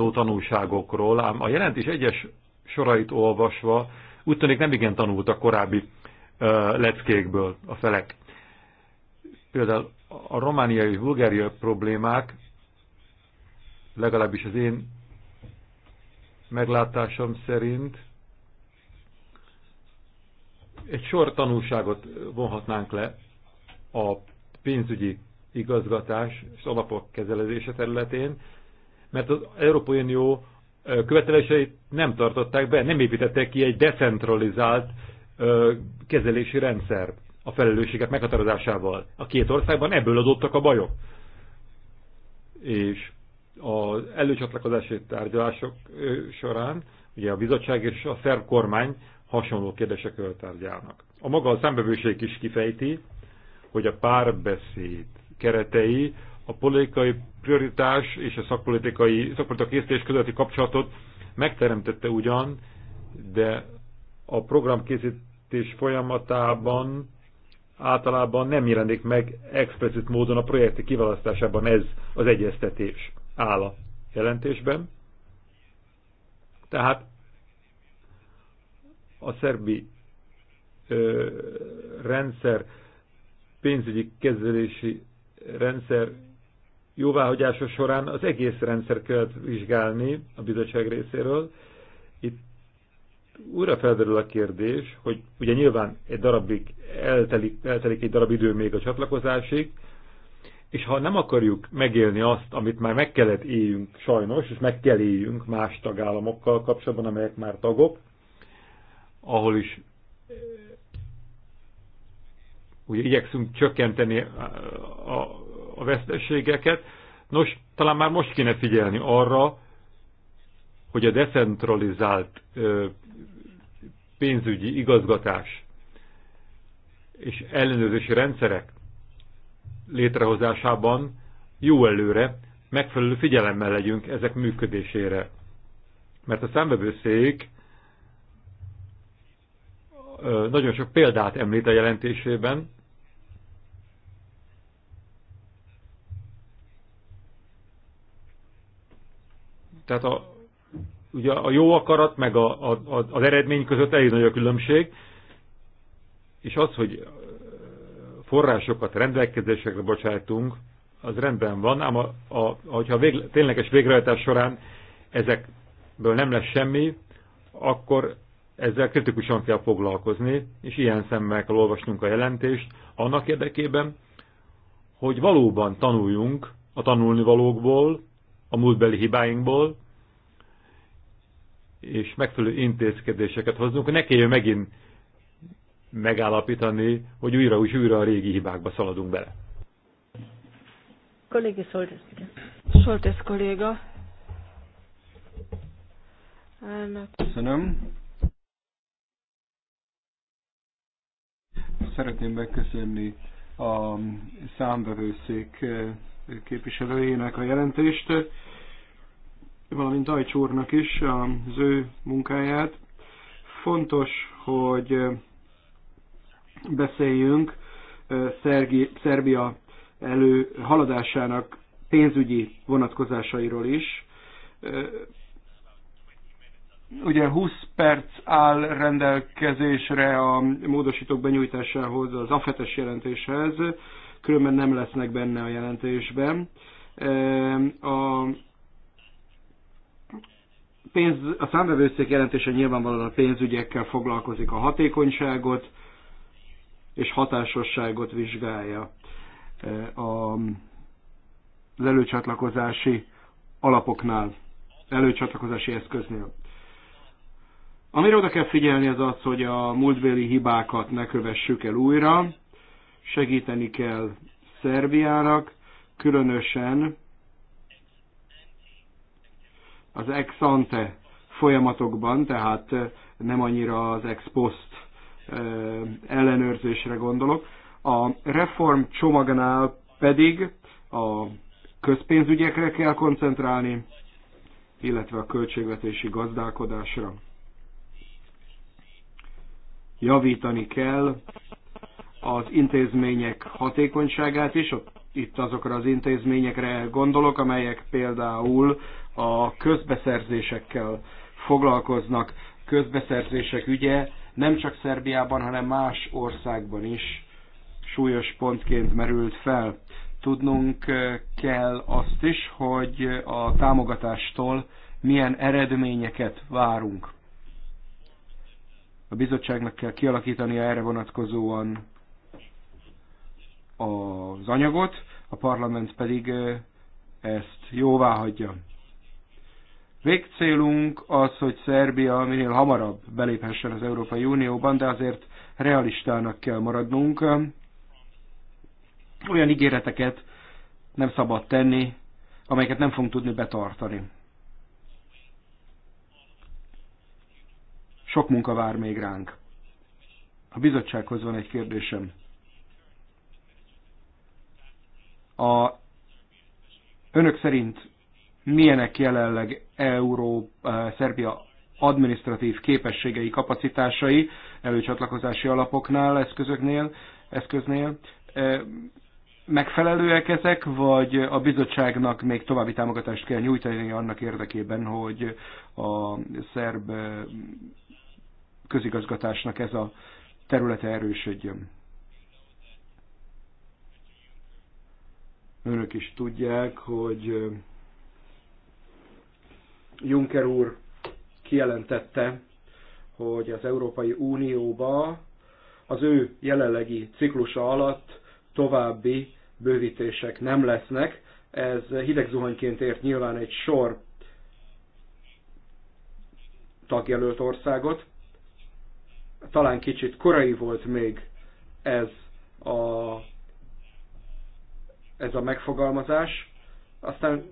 levonandó tanulságokról, ám a jelentés egyes sorait olvasva úgy tűnik nem igen tanult a korábbi leckékből a felek. Például a romániai és bulgáriai problémák, legalábbis az én meglátásom szerint, egy sor tanulságot vonhatnánk le a pénzügyi igazgatás és alapok kezelezése területén, mert az Európai Unió követeléseit nem tartották be, nem építettek ki egy decentralizált kezelési rendszer a felelősségek meghatározásával. A két országban ebből adottak a bajok. És az előcsatlakozási tárgyalások során ugye a bizottság és a szerb kormány hasonló kérdésekről tárgyalnak. A maga a számbevőség is kifejti, hogy a párbeszéd keretei a politikai prioritás és a szakpolitikai, szakpolitikai készítés közötti kapcsolatot megteremtette ugyan, de a programkészítés folyamatában általában nem jelenik meg explicit módon a projekti kiválasztásában ez az egyeztetés áll a jelentésben. Tehát a szerbi ö, rendszer pénzügyi kezelési rendszer jóváhagyása során az egész rendszer kellett vizsgálni a bizottság részéről. Itt újra felderül a kérdés, hogy ugye nyilván egy darabig eltelik, eltelik egy darab idő még a csatlakozásig, és ha nem akarjuk megélni azt, amit már meg kellett éljünk sajnos, és meg kell éljünk más tagállamokkal kapcsolatban, amelyek már tagok, ahol is ugye igyekszünk csökkenteni a, a, a veszteségeket. Nos, talán már most kéne figyelni arra, hogy a decentralizált pénzügyi igazgatás és ellenőrzési rendszerek létrehozásában jó előre megfelelő figyelemmel legyünk ezek működésére. Mert a számbevőszék nagyon sok példát említ a jelentésében, Tehát a, ugye a jó akarat meg a, a, a, az eredmény között elég nagy a különbség, és az, hogy forrásokat rendelkezésekre bocsájtunk, az rendben van, ám a, a, hogyha a végle, tényleges végrehajtás során ezekből nem lesz semmi, akkor ezzel kritikusan kell foglalkozni, és ilyen szemmel kell olvasnunk a jelentést, annak érdekében, hogy valóban tanuljunk a tanulnivalókból, a múltbeli hibáinkból, és megfelelő intézkedéseket hozzunk, hogy ne kelljen megint megállapítani, hogy újra és újra a régi hibákba szaladunk bele. Kollégi Soltész. Soltész kolléga. Elnök. Köszönöm. Szeretném megköszönni a számvevőszék eh, képviselőjének a jelentést, valamint Dajcs úrnak is az ő munkáját. Fontos, hogy beszéljünk Szergi, Szerbia elő haladásának pénzügyi vonatkozásairól is. Ugye 20 perc áll rendelkezésre a módosítók benyújtásához, az afetes jelentéshez különben nem lesznek benne a jelentésben. Ehm, a pénz, a számvevőszék jelentése nyilvánvalóan a pénzügyekkel foglalkozik, a hatékonyságot és hatásosságot vizsgálja ehm, a, előcsatlakozási alapoknál, előcsatlakozási eszköznél. Amire oda kell figyelni az az, hogy a múltbéli hibákat ne kövessük el újra, segíteni kell Szerbiának, különösen az ex ante folyamatokban, tehát eh, nem annyira az ex post eh, ellenőrzésre gondolok. A reform csomagnál pedig a közpénzügyekre kell koncentrálni, illetve a költségvetési gazdálkodásra. Javítani kell az intézmények hatékonyságát is, itt azokra az intézményekre gondolok, amelyek például a közbeszerzésekkel foglalkoznak. Közbeszerzések ügye nem csak Szerbiában, hanem más országban is súlyos pontként merült fel. Tudnunk kell azt is, hogy a támogatástól milyen eredményeket várunk. A bizottságnak kell kialakítania erre vonatkozóan az anyagot, a parlament pedig ezt jóvá hagyja. Végcélunk az, hogy Szerbia minél hamarabb beléphessen az Európai Unióban, de azért realistának kell maradnunk. Olyan ígéreteket nem szabad tenni, amelyeket nem fogunk tudni betartani. Sok munka vár még ránk. A bizottsághoz van egy kérdésem. A, önök szerint milyenek jelenleg Euró, eh, Szerbia administratív képességei, kapacitásai előcsatlakozási alapoknál, eszközöknél, eszköznél. Eh, megfelelőek ezek, vagy a bizottságnak még további támogatást kell nyújtani annak érdekében, hogy a szerb eh, közigazgatásnak ez a területe erősödjön? Önök is tudják, hogy Juncker úr kijelentette, hogy az Európai Unióba az ő jelenlegi ciklusa alatt további bővítések nem lesznek. Ez hidegzuhanyként ért nyilván egy sor tagjelölt országot. Talán kicsit korai volt még ez a ez a megfogalmazás. Aztán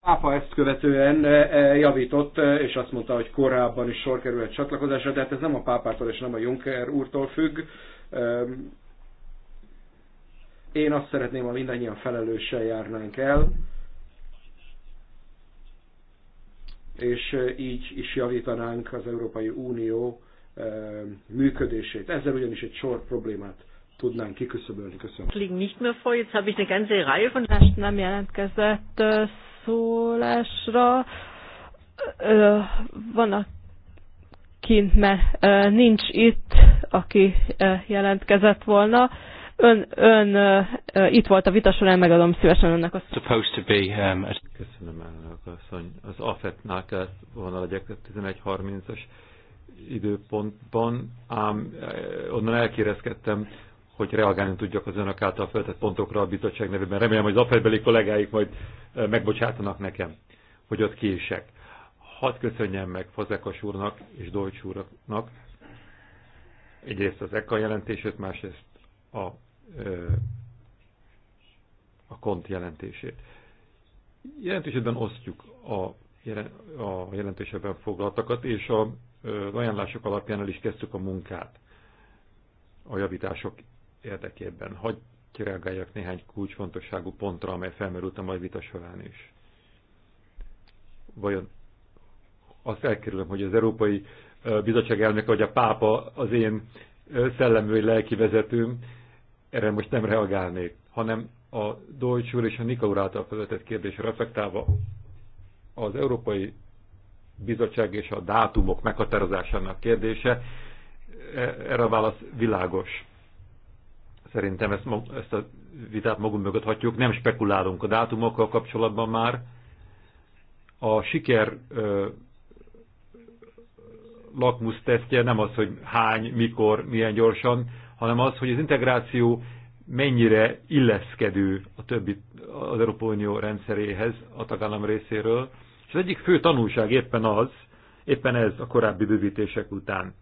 pápa ezt követően eh, eh, javított, eh, és azt mondta, hogy korábban is sor került csatlakozásra, de hát ez nem a pápától és nem a Juncker úrtól függ. Ehm, én azt szeretném, ha mindannyian felelőssel járnánk el, és így is javítanánk az Európai Unió működését. Ezzel ugyanis egy sor problémát tudnánk kiküszöbölni. Köszönöm. Liegen nicht mehr vor, jetzt habe ich eine ganze Reihe von nem jelentkezett szólásra. Van, a kint, mert nincs itt, aki jelentkezett volna. Ön, ön itt volt a vita során, megadom szívesen önnek a. Supposed to be, um, Köszönöm, elnök asszony. Az AFET-nál kellett volna legyek 11.30-as időpontban, ám eh, onnan elkérezkedtem, hogy reagálni tudjak az önök által feltett pontokra a bizottság nevében. Remélem, hogy az afedbeli kollégáik majd eh, megbocsátanak nekem, hogy ott kések. Hadd köszönjem meg Fazekas úrnak és Dolcs úrnak egyrészt az ECA jelentését, másrészt a, eh, a KONT jelentését. Jelentésében osztjuk a, a jelentésében foglaltakat, és a ajánlások alapján el is kezdtük a munkát a javítások érdekében. Hagy reagáljak néhány kulcsfontosságú pontra, amely felmerült a mai vita során is. Vajon azt elkerülöm, hogy az Európai Bizottság elnöke, vagy a pápa az én szellemű lelki vezetőm, erre most nem reagálnék, hanem a Deutsche és a Nika úr által felvetett kérdésre reflektálva az Európai bizottság és a dátumok meghatározásának kérdése. E, erre a válasz világos. Szerintem ezt, ezt a vitát magunk mögött hagyjuk. Nem spekulálunk a dátumokkal kapcsolatban már. A siker lakmus tesztje nem az, hogy hány, mikor, milyen gyorsan, hanem az, hogy az integráció mennyire illeszkedő a többi az Európai Unió rendszeréhez a tagállam részéről, és az egyik fő tanulság éppen az, éppen ez a korábbi bővítések után.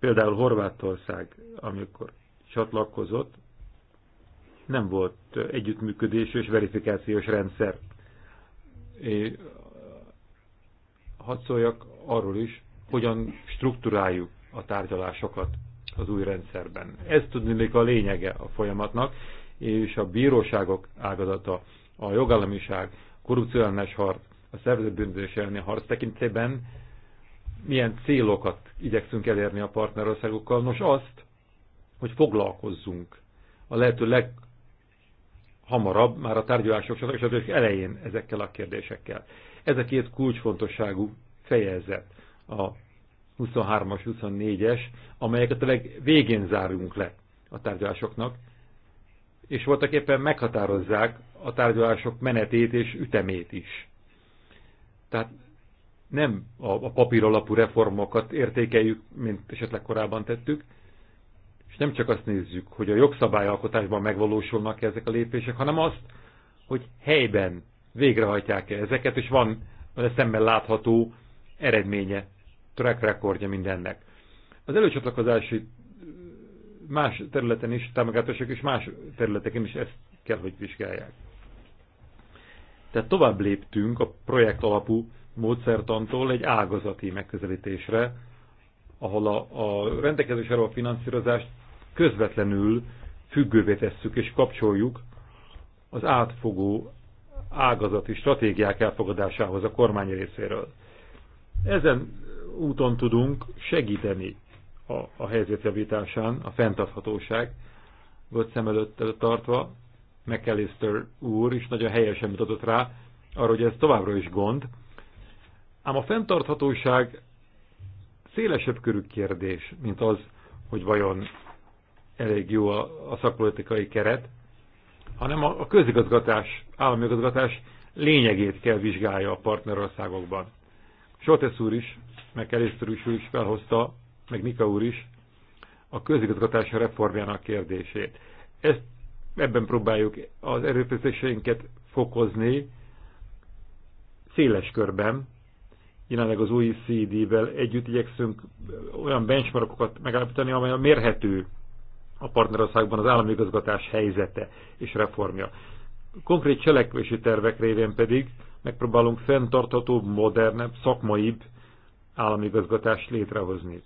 Például Horvátország, amikor csatlakozott, nem volt együttműködés és verifikációs rendszer. hadd szóljak arról is, hogyan struktúráljuk a tárgyalásokat az új rendszerben. Ez tudni még a lényege a folyamatnak, és a bíróságok ágazata, a jogállamiság, korrupciós harc, a szervezett bűnözés elleni harc tekintében milyen célokat igyekszünk elérni a partnerországokkal. Nos azt, hogy foglalkozzunk a lehető leg hamarabb, már a tárgyalások és az elején ezekkel a kérdésekkel. Ez a két kulcsfontosságú fejezet, a 23-as, 24-es, amelyeket a legvégén zárunk le a tárgyalásoknak, és voltak éppen meghatározzák a tárgyalások menetét és ütemét is. Tehát nem a, a papír alapú reformokat értékeljük, mint esetleg korábban tettük, és nem csak azt nézzük, hogy a jogszabályalkotásban megvalósulnak -e ezek a lépések, hanem azt, hogy helyben végrehajtják-e ezeket, és van szemben látható eredménye, track recordja mindennek. Az előcsatlakozási más területen is, támogatások és más területeken is ezt kell, hogy vizsgálják. Tehát tovább léptünk a projekt alapú módszertantól egy ágazati megközelítésre, ahol a, a rendelkezésre a finanszírozást közvetlenül függővé tesszük és kapcsoljuk az átfogó ágazati stratégiák elfogadásához a kormány részéről. Ezen úton tudunk segíteni a, a helyzet javításán, a fenntarthatóság volt szem előtt tartva, McAllister úr is nagyon helyesen mutatott rá, arra, hogy ez továbbra is gond. Ám a fenntarthatóság szélesebb körű kérdés, mint az, hogy vajon elég jó a, a szakpolitikai keret, hanem a, a közigazgatás, állami közigazgatás lényegét kell vizsgálja a partnerországokban. Soltesz úr is, meg Elisztor úr is felhozta, meg Mika úr is a közigazgatás reformjának kérdését. Ezt ebben próbáljuk az erőfeszítéseinket fokozni széles körben. Jelenleg az OECD-vel együtt igyekszünk olyan benchmarkokat megállapítani, amely a mérhető a partnerországban az állami igazgatás helyzete és reformja. Konkrét cselekvési tervek révén pedig megpróbálunk fenntarthatóbb, modernebb, szakmaibb igazgatást létrehozni.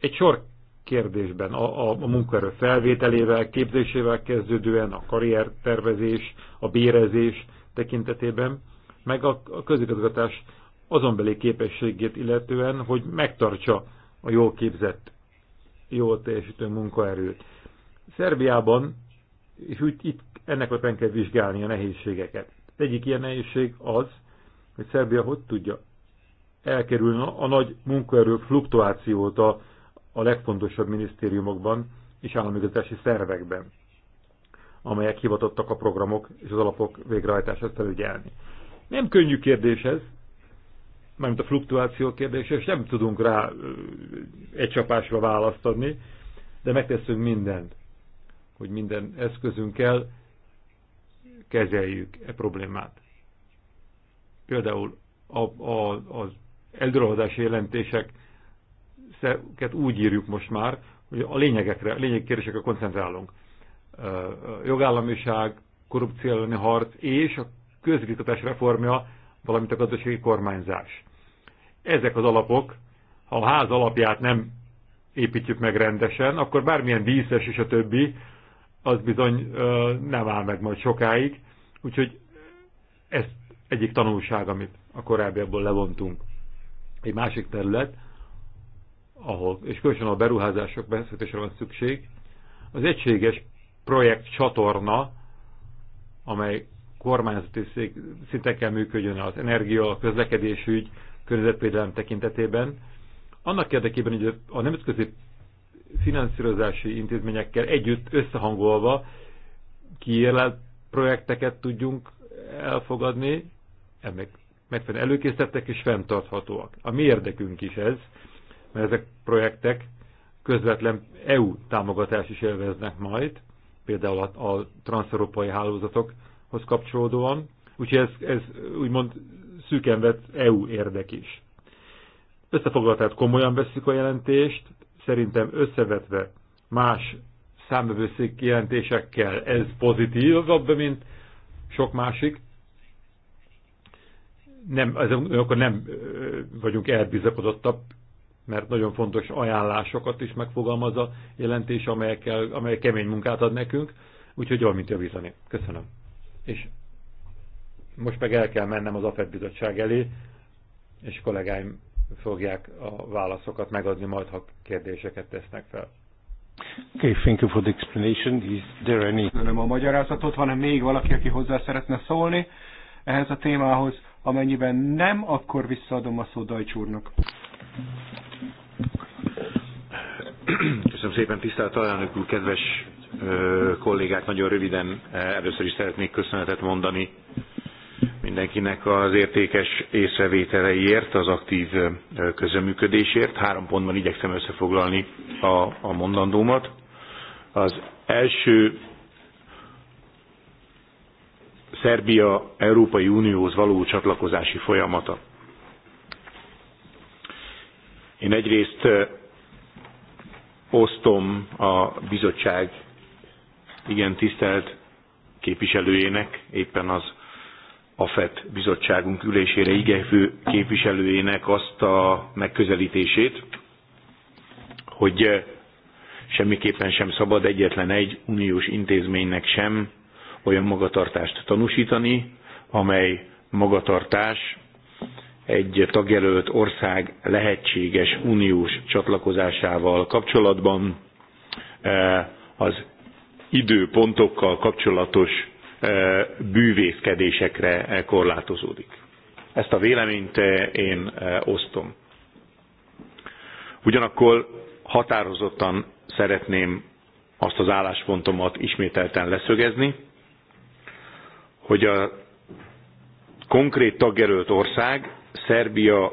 Egy sor kérdésben, a, a, a munkaerő felvételével, képzésével kezdődően, a karriertervezés, a bérezés tekintetében, meg a, a közigazgatás azonbeli képességét illetően, hogy megtartsa a jól képzett, jól teljesítő munkaerőt. Szerbiában, és úgy itt ennek a kell vizsgálni a nehézségeket. Egyik ilyen nehézség az, hogy Szerbia hogy tudja elkerülni a nagy munkaerő fluktuációt a a legfontosabb minisztériumokban és államigazgatási szervekben, amelyek hivatottak a programok és az alapok végrehajtását felügyelni. Nem könnyű kérdés ez, mármint a fluktuáció kérdése, és nem tudunk rá egy csapásra választ adni, de megteszünk mindent, hogy minden eszközünkkel kezeljük e problémát. Például a, a, az eldolgozási jelentések szövegeket úgy írjuk most már, hogy a lényegekre, a lényegi kérdésekre koncentrálunk. Jogállamiság, korrupció elleni harc és a közigazgatás reformja, valamint a gazdasági kormányzás. Ezek az alapok, ha a ház alapját nem építjük meg rendesen, akkor bármilyen díszes és a többi, az bizony nem áll meg majd sokáig. Úgyhogy ez egyik tanulság, amit a korábbiakból levontunk. Egy másik terület, ahol, és különösen a beruházások beszélésre van szükség, az egységes projekt csatorna, amely kormányzati szintekkel működjön az energia, a közlekedésügy, környezetvédelem tekintetében, annak érdekében, hogy a nemzetközi finanszírozási intézményekkel együtt összehangolva kiélelt projekteket tudjunk elfogadni, ennek megfelelően előkészítettek és fenntarthatóak. A mi érdekünk is ez, mert ezek projektek közvetlen EU támogatást is élveznek majd, például a, a transzeurópai hálózatokhoz kapcsolódóan, úgyhogy ez, ez úgymond szűken vett EU érdek is. tehát komolyan veszik a jelentést, szerintem összevetve más számbevőszék jelentésekkel ez pozitívabb, mint sok másik. Nem, azon, akkor nem vagyunk elbizakodottabb mert nagyon fontos ajánlásokat is megfogalmaz a jelentés, amelyekkel, amelyek kemény munkát ad nekünk, úgyhogy jól, mint javítani. Köszönöm. És most meg el kell mennem az AFED bizottság elé, és kollégáim fogják a válaszokat megadni majd, ha kérdéseket tesznek fel. Okay, thank you for the explanation. Is there any... Köszönöm a magyarázatot. Van-e még valaki, aki hozzá szeretne szólni ehhez a témához? Amennyiben nem, akkor visszaadom a szó Dajcs úrnak. Köszönöm szépen, tisztelt alelnök úr, kedves kollégák, nagyon röviden először is szeretnék köszönetet mondani mindenkinek az értékes észrevételeiért, az aktív közöműködésért. Három pontban igyekszem összefoglalni a, a mondandómat. Az első Szerbia Európai Unióhoz való csatlakozási folyamata. Én egyrészt osztom a bizottság igen tisztelt képviselőjének, éppen az AFET bizottságunk ülésére igevő képviselőjének azt a megközelítését, hogy semmiképpen sem szabad egyetlen egy uniós intézménynek sem olyan magatartást tanúsítani, amely magatartás egy tagjelölt ország lehetséges uniós csatlakozásával kapcsolatban e, az időpontokkal kapcsolatos e, bűvészkedésekre korlátozódik. Ezt a véleményt e, én osztom. Ugyanakkor határozottan szeretném azt az álláspontomat ismételten leszögezni, hogy a konkrét tagjelölt ország Szerbia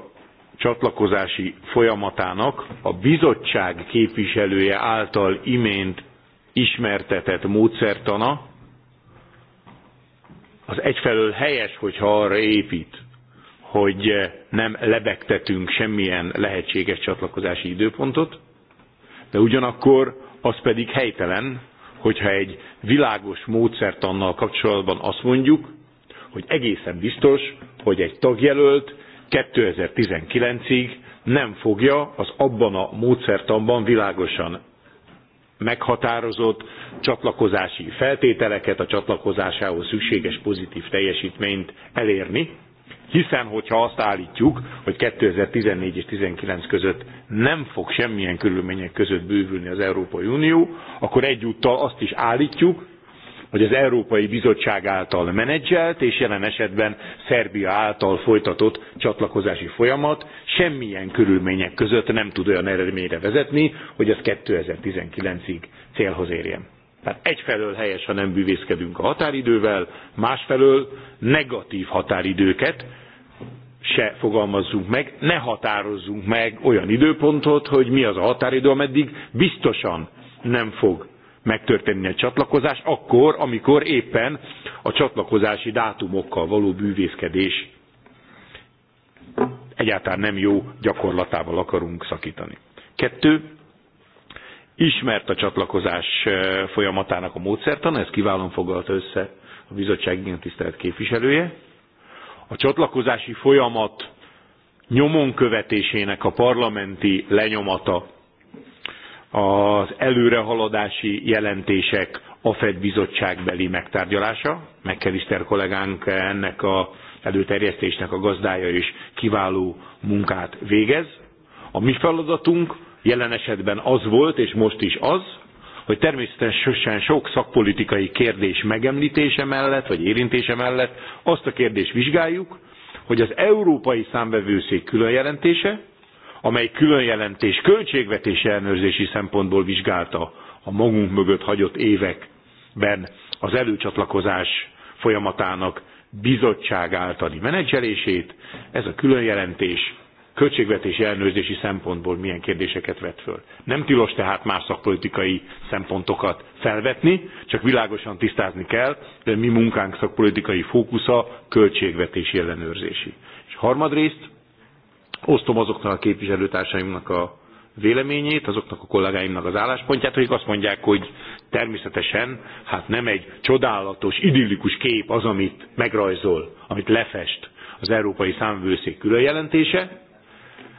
csatlakozási folyamatának a bizottság képviselője által imént ismertetett módszertana, az egyfelől helyes, hogyha arra épít, hogy nem lebegtetünk semmilyen lehetséges csatlakozási időpontot, de ugyanakkor az pedig helytelen, hogyha egy világos annal kapcsolatban azt mondjuk, hogy egészen biztos, hogy egy tagjelölt 2019-ig nem fogja az abban a módszertanban világosan meghatározott csatlakozási feltételeket, a csatlakozásához szükséges pozitív teljesítményt elérni, hiszen, hogyha azt állítjuk, hogy 2014 és 2019 között nem fog semmilyen körülmények között bővülni az Európai Unió, akkor egyúttal azt is állítjuk, hogy az Európai Bizottság által menedzselt és jelen esetben Szerbia által folytatott csatlakozási folyamat semmilyen körülmények között nem tud olyan eredményre vezetni, hogy az 2019-ig célhoz érjen. Tehát egyfelől helyes, ha nem bűvészkedünk a határidővel, másfelől negatív határidőket se fogalmazzunk meg, ne határozzunk meg olyan időpontot, hogy mi az a határidő, ameddig biztosan nem fog megtörténni a csatlakozás, akkor, amikor éppen a csatlakozási dátumokkal való bűvészkedés egyáltalán nem jó gyakorlatával akarunk szakítani. Kettő, ismert a csatlakozás folyamatának a módszertana, ezt kiválóan foglalta össze a bizottság igen tisztelt képviselője. A csatlakozási folyamat nyomon követésének a parlamenti lenyomata, az előrehaladási jelentések a FED bizottságbeli megtárgyalása. McAllister kollégánk ennek a előterjesztésnek a gazdája is kiváló munkát végez. A mi feladatunk jelen esetben az volt, és most is az, hogy természetesen sok szakpolitikai kérdés megemlítése mellett, vagy érintése mellett azt a kérdést vizsgáljuk, hogy az Európai Számvevőszék különjelentése, amely különjelentés költségvetési ellenőrzési szempontból vizsgálta a magunk mögött hagyott években az előcsatlakozás folyamatának bizottság általi menedzselését, ez a különjelentés költségvetési ellenőrzési szempontból milyen kérdéseket vet föl. Nem tilos tehát más szakpolitikai szempontokat felvetni, csak világosan tisztázni kell, de mi munkánk szakpolitikai fókusza költségvetési ellenőrzési. És harmadrészt osztom azoknak a képviselőtársaimnak a véleményét, azoknak a kollégáimnak az álláspontját, akik azt mondják, hogy természetesen hát nem egy csodálatos, idillikus kép az, amit megrajzol, amit lefest az Európai Számvőszék különjelentése,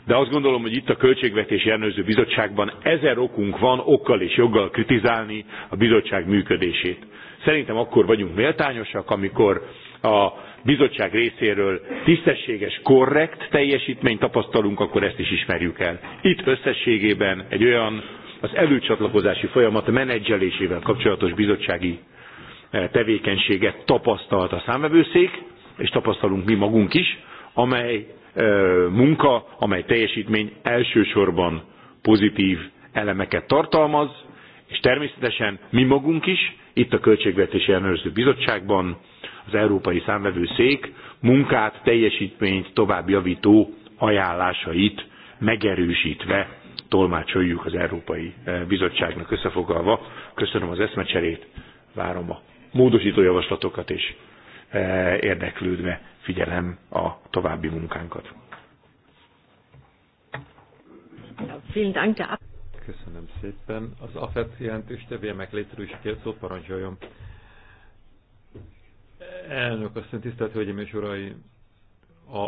de azt gondolom, hogy itt a Költségvetési Ellenőrző Bizottságban ezer okunk van okkal és joggal kritizálni a bizottság működését. Szerintem akkor vagyunk méltányosak, amikor a bizottság részéről tisztességes, korrekt teljesítményt tapasztalunk, akkor ezt is ismerjük el. Itt összességében egy olyan az előcsatlakozási folyamat menedzselésével kapcsolatos bizottsági eh, tevékenységet tapasztalt a számvevőszék, és tapasztalunk mi magunk is, amely munka, amely teljesítmény elsősorban pozitív elemeket tartalmaz, és természetesen mi magunk is, itt a Költségvetési Ellenőrző Bizottságban, az Európai Számvevőszék munkát, teljesítményt tovább javító ajánlásait megerősítve tolmácsoljuk az Európai Bizottságnak összefoglalva. Köszönöm az eszmecserét, várom a módosító javaslatokat és érdeklődve figyelem a további munkánkat. Köszönöm szépen. Az AFET jelentéstevője meglétről is kért szót, parancsoljon. Elnök, azt tisztelt Hölgyeim és Uraim, a,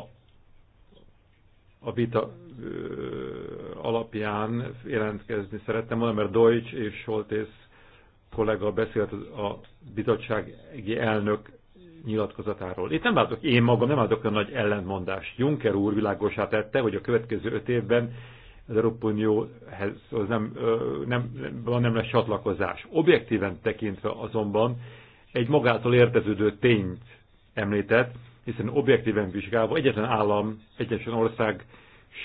a vita ö, alapján jelentkezni szerettem volna, mert Deutsch és Soltész kollega beszélt a bizottsági elnök nyilatkozatáról. Itt nem látok, én magam nem látok a nagy ellentmondást. Juncker úr világosát tette, hogy a következő öt évben az Európai Unióhez az nem, nem, nem, nem lesz csatlakozás. Objektíven tekintve azonban egy magától érteződő tényt említett, hiszen objektíven vizsgálva egyetlen állam, egyetlen ország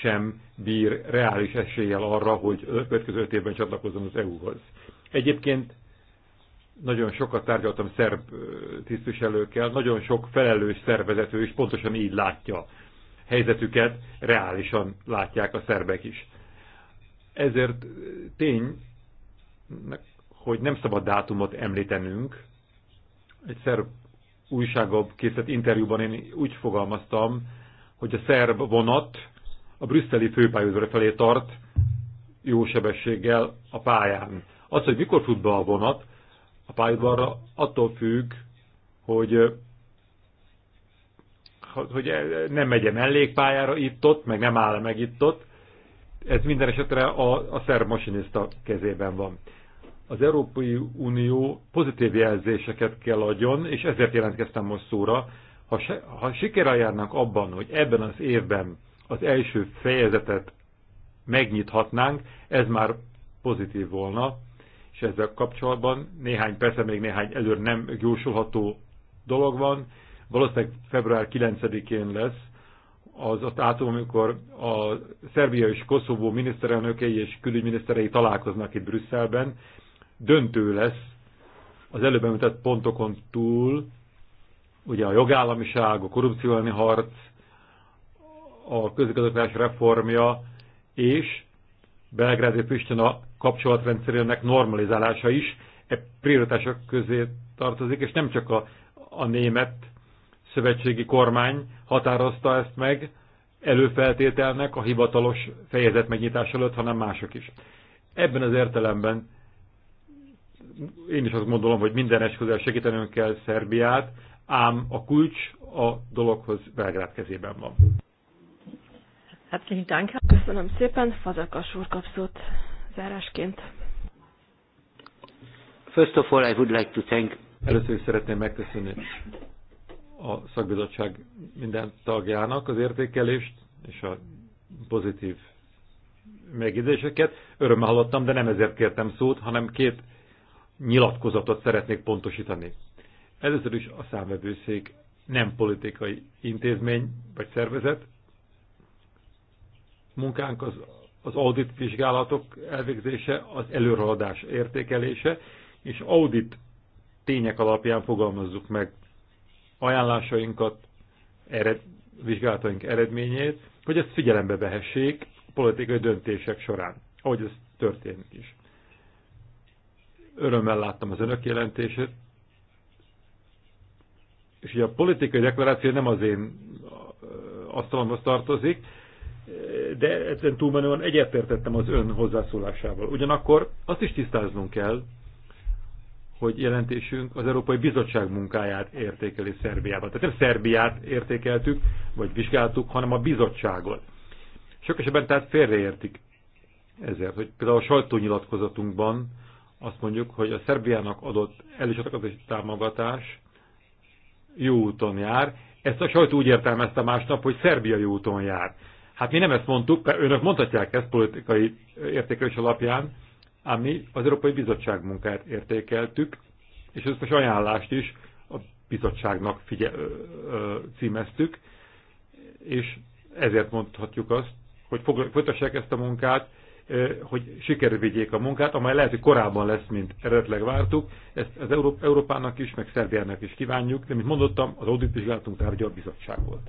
sem bír reális eséllyel arra, hogy a következő öt évben csatlakozzon az EU-hoz. Egyébként nagyon sokat tárgyaltam szerb tisztviselőkkel, nagyon sok felelős szervezető is pontosan így látja helyzetüket, reálisan látják a szerbek is. Ezért tény, hogy nem szabad dátumot említenünk. Egy szerb újságban készített interjúban én úgy fogalmaztam, hogy a szerb vonat a brüsszeli főpályázóra felé tart jó sebességgel a pályán. Az, hogy mikor fut be a vonat, a pályadvarra attól függ, hogy hogy e- nem megy-e mellékpályára itt-ott, meg nem áll -e meg itt-ott. Ez minden esetre a, a szerb masinista kezében van. Az Európai Unió pozitív jelzéseket kell adjon, és ezért jelentkeztem most szóra. Ha, se, ha sikerrel járnak abban, hogy ebben az évben az első fejezetet megnyithatnánk, ez már pozitív volna, és ezzel kapcsolatban néhány, persze még néhány előre nem jósolható dolog van. Valószínűleg február 9-én lesz az az átom, amikor a Szerbia és Koszovó miniszterelnökei és külügyminiszterei találkoznak itt Brüsszelben. Döntő lesz az előbb említett pontokon túl, ugye a jogállamiság, a korrupció harc, a közigazgatás reformja, és Belgrád és Pristina kapcsolatrendszerének normalizálása is e prioritások közé tartozik, és nem csak a, a német szövetségi kormány határozta ezt meg előfeltételnek a hivatalos fejezet megnyitás előtt, hanem mások is. Ebben az értelemben én is azt gondolom, hogy minden eszközzel segítenünk kell Szerbiát, ám a kulcs a dologhoz Belgrád kezében van. Herzlichen hát, Dank. Köszönöm szépen. Fazakas úr kapszott zárásként. First of all, I would like to thank... Először is szeretném megköszönni a szakbizottság minden tagjának az értékelést és a pozitív megjegyzéseket. Örömmel hallottam, de nem ezért kértem szót, hanem két nyilatkozatot szeretnék pontosítani. Először is a számvevőszék nem politikai intézmény vagy szervezet, munkánk az, az audit vizsgálatok elvégzése, az előrehaladás értékelése, és audit tények alapján fogalmazzuk meg ajánlásainkat, ered, vizsgálataink eredményét, hogy ezt figyelembe vehessék a politikai döntések során, ahogy ez történik is. Örömmel láttam az önök jelentését, és ugye a politikai deklaráció nem az én asztalomhoz tartozik, de ezen túlmenően egyetértettem az ön hozzászólásával. Ugyanakkor azt is tisztáznunk kell, hogy jelentésünk az Európai Bizottság munkáját értékeli Szerbiában. Tehát nem Szerbiát értékeltük, vagy vizsgáltuk, hanem a bizottságot. Sok esetben tehát félreértik ezért, hogy például a sajtónyilatkozatunkban azt mondjuk, hogy a Szerbiának adott elisatlakozási támogatás jó úton jár. Ezt a sajtó úgy értelmezte másnap, hogy Szerbia jó úton jár. Hát mi nem ezt mondtuk, önök mondhatják ezt politikai értékelés alapján, ám mi az Európai Bizottság munkát értékeltük, és összes ajánlást is a bizottságnak figye, ö, ö, címeztük, és ezért mondhatjuk azt, hogy folytassák ezt a munkát, hogy sikerül vigyék a munkát, amely lehet, hogy korábban lesz, mint eredetleg vártuk. Ezt az Európának is, meg Szerbiának is kívánjuk, de mint mondottam, az vizsgálatunk tárgya a bizottság volt.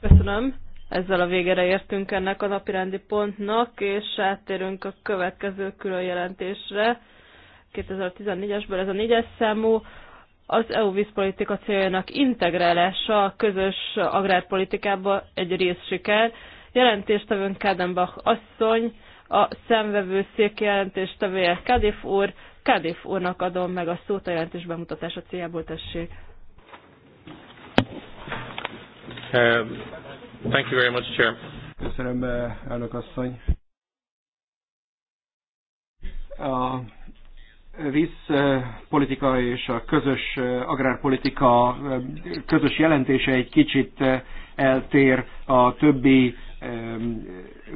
Köszönöm. Ezzel a végére értünk ennek a napirendi pontnak, és áttérünk a következő külön jelentésre. 2014-esből ez a négyes számú az EU vízpolitika céljának integrálása a közös agrárpolitikába egy jelentést Jelentéstevőn Kádenbach asszony, a szemvevőszék jelentéstevője Kadif úr. Kadif úrnak adom meg a szót a jelentés bemutatása céljából, tessék. Uh, thank you very much, Chair. Köszönöm, uh, elnök asszony. A vízpolitika uh, és a közös agrárpolitika közös jelentése egy kicsit eltér a többi um,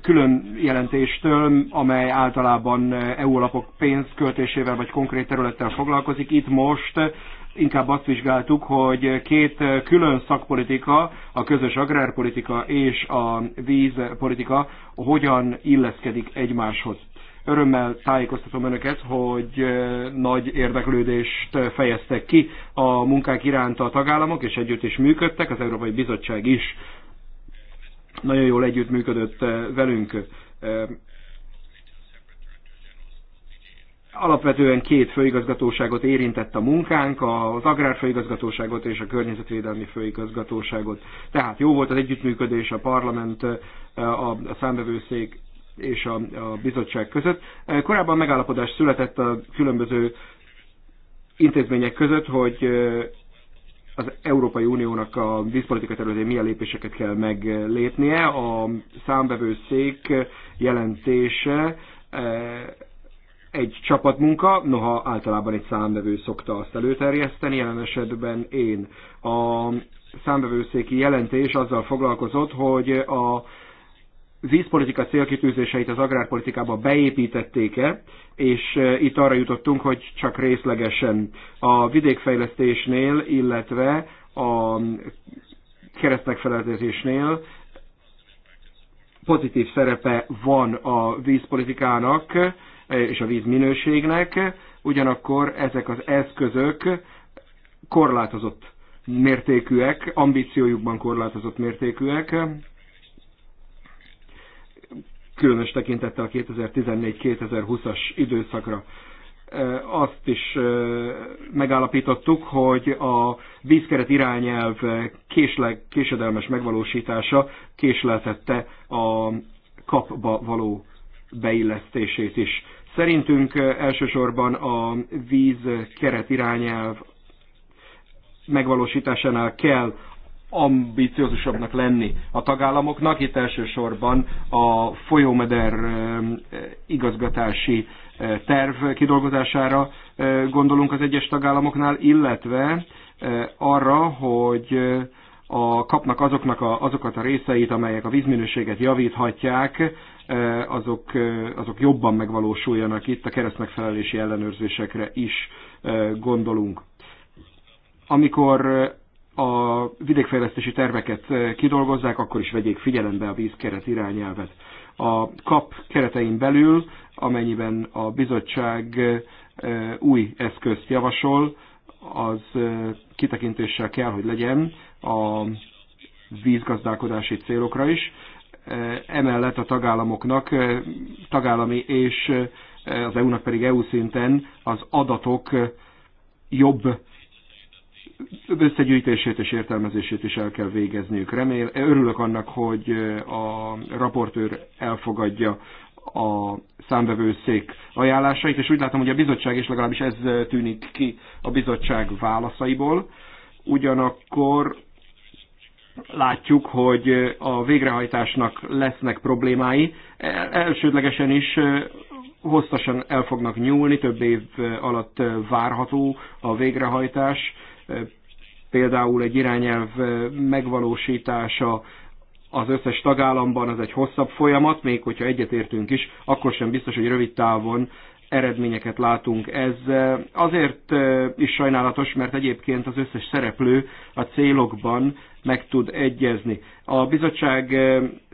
külön jelentéstől, amely általában EU alapok pénzköltésével vagy konkrét területtel foglalkozik. Itt most inkább azt vizsgáltuk, hogy két külön szakpolitika, a közös agrárpolitika és a vízpolitika hogyan illeszkedik egymáshoz. Örömmel tájékoztatom Önöket, hogy nagy érdeklődést fejeztek ki a munkák iránt a tagállamok, és együtt is működtek, az Európai Bizottság is nagyon jól együttműködött velünk Alapvetően két főigazgatóságot érintett a munkánk, az Agrárfőigazgatóságot és a Környezetvédelmi Főigazgatóságot. Tehát jó volt az együttműködés a parlament, a számbevőszék és a, bizottság között. Korábban megállapodás született a különböző intézmények között, hogy az Európai Uniónak a vízpolitika területén milyen lépéseket kell meglépnie. A számbevőszék jelentése egy csapatmunka, noha általában egy számvevő szokta azt előterjeszteni, jelen esetben én. A számvevőszéki jelentés azzal foglalkozott, hogy a vízpolitika célkitűzéseit az agrárpolitikába beépítették-e, és e, itt arra jutottunk, hogy csak részlegesen a vidékfejlesztésnél, illetve a keresztmegfeleltetésnél pozitív szerepe van a vízpolitikának, és a vízminőségnek, ugyanakkor ezek az eszközök korlátozott mértékűek, ambíciójukban korlátozott mértékűek, különös tekintettel a 2014-2020-as időszakra. Azt is megállapítottuk, hogy a vízkeret irányelv késle, késedelmes megvalósítása késleltette a kapba való beillesztését is. Szerintünk elsősorban a víz keret irányelv megvalósításánál kell ambiciózusabbnak lenni a tagállamoknak. Itt elsősorban a folyómeder igazgatási terv kidolgozására gondolunk az egyes tagállamoknál, illetve arra, hogy a, kapnak azoknak a, azokat a részeit, amelyek a vízminőséget javíthatják, Eh, azok, eh, azok jobban megvalósuljanak itt, a keresztmegfelelési ellenőrzésekre is eh, gondolunk. Amikor a vidékfejlesztési terveket kidolgozzák, akkor is vegyék figyelembe a vízkeret irányelvet. A kap keretein belül, amennyiben a bizottság új eszközt javasol, az kitekintéssel kell, hogy legyen a vízgazdálkodási célokra is emellett a tagállamoknak, tagállami és az EU-nak pedig EU szinten az adatok jobb összegyűjtését és értelmezését is el kell végezniük. Remél, örülök annak, hogy a raportőr elfogadja a számvevőszék ajánlásait, és úgy látom, hogy a bizottság, is legalábbis ez tűnik ki a bizottság válaszaiból, ugyanakkor látjuk, hogy a végrehajtásnak lesznek problémái. E, elsődlegesen is hosszasan el fognak nyúlni, több év alatt várható a végrehajtás. Például egy irányelv megvalósítása az összes tagállamban az egy hosszabb folyamat, még hogyha egyetértünk is, akkor sem biztos, hogy rövid távon eredményeket látunk. Ez azért is sajnálatos, mert egyébként az összes szereplő a célokban meg tud egyezni. A bizottság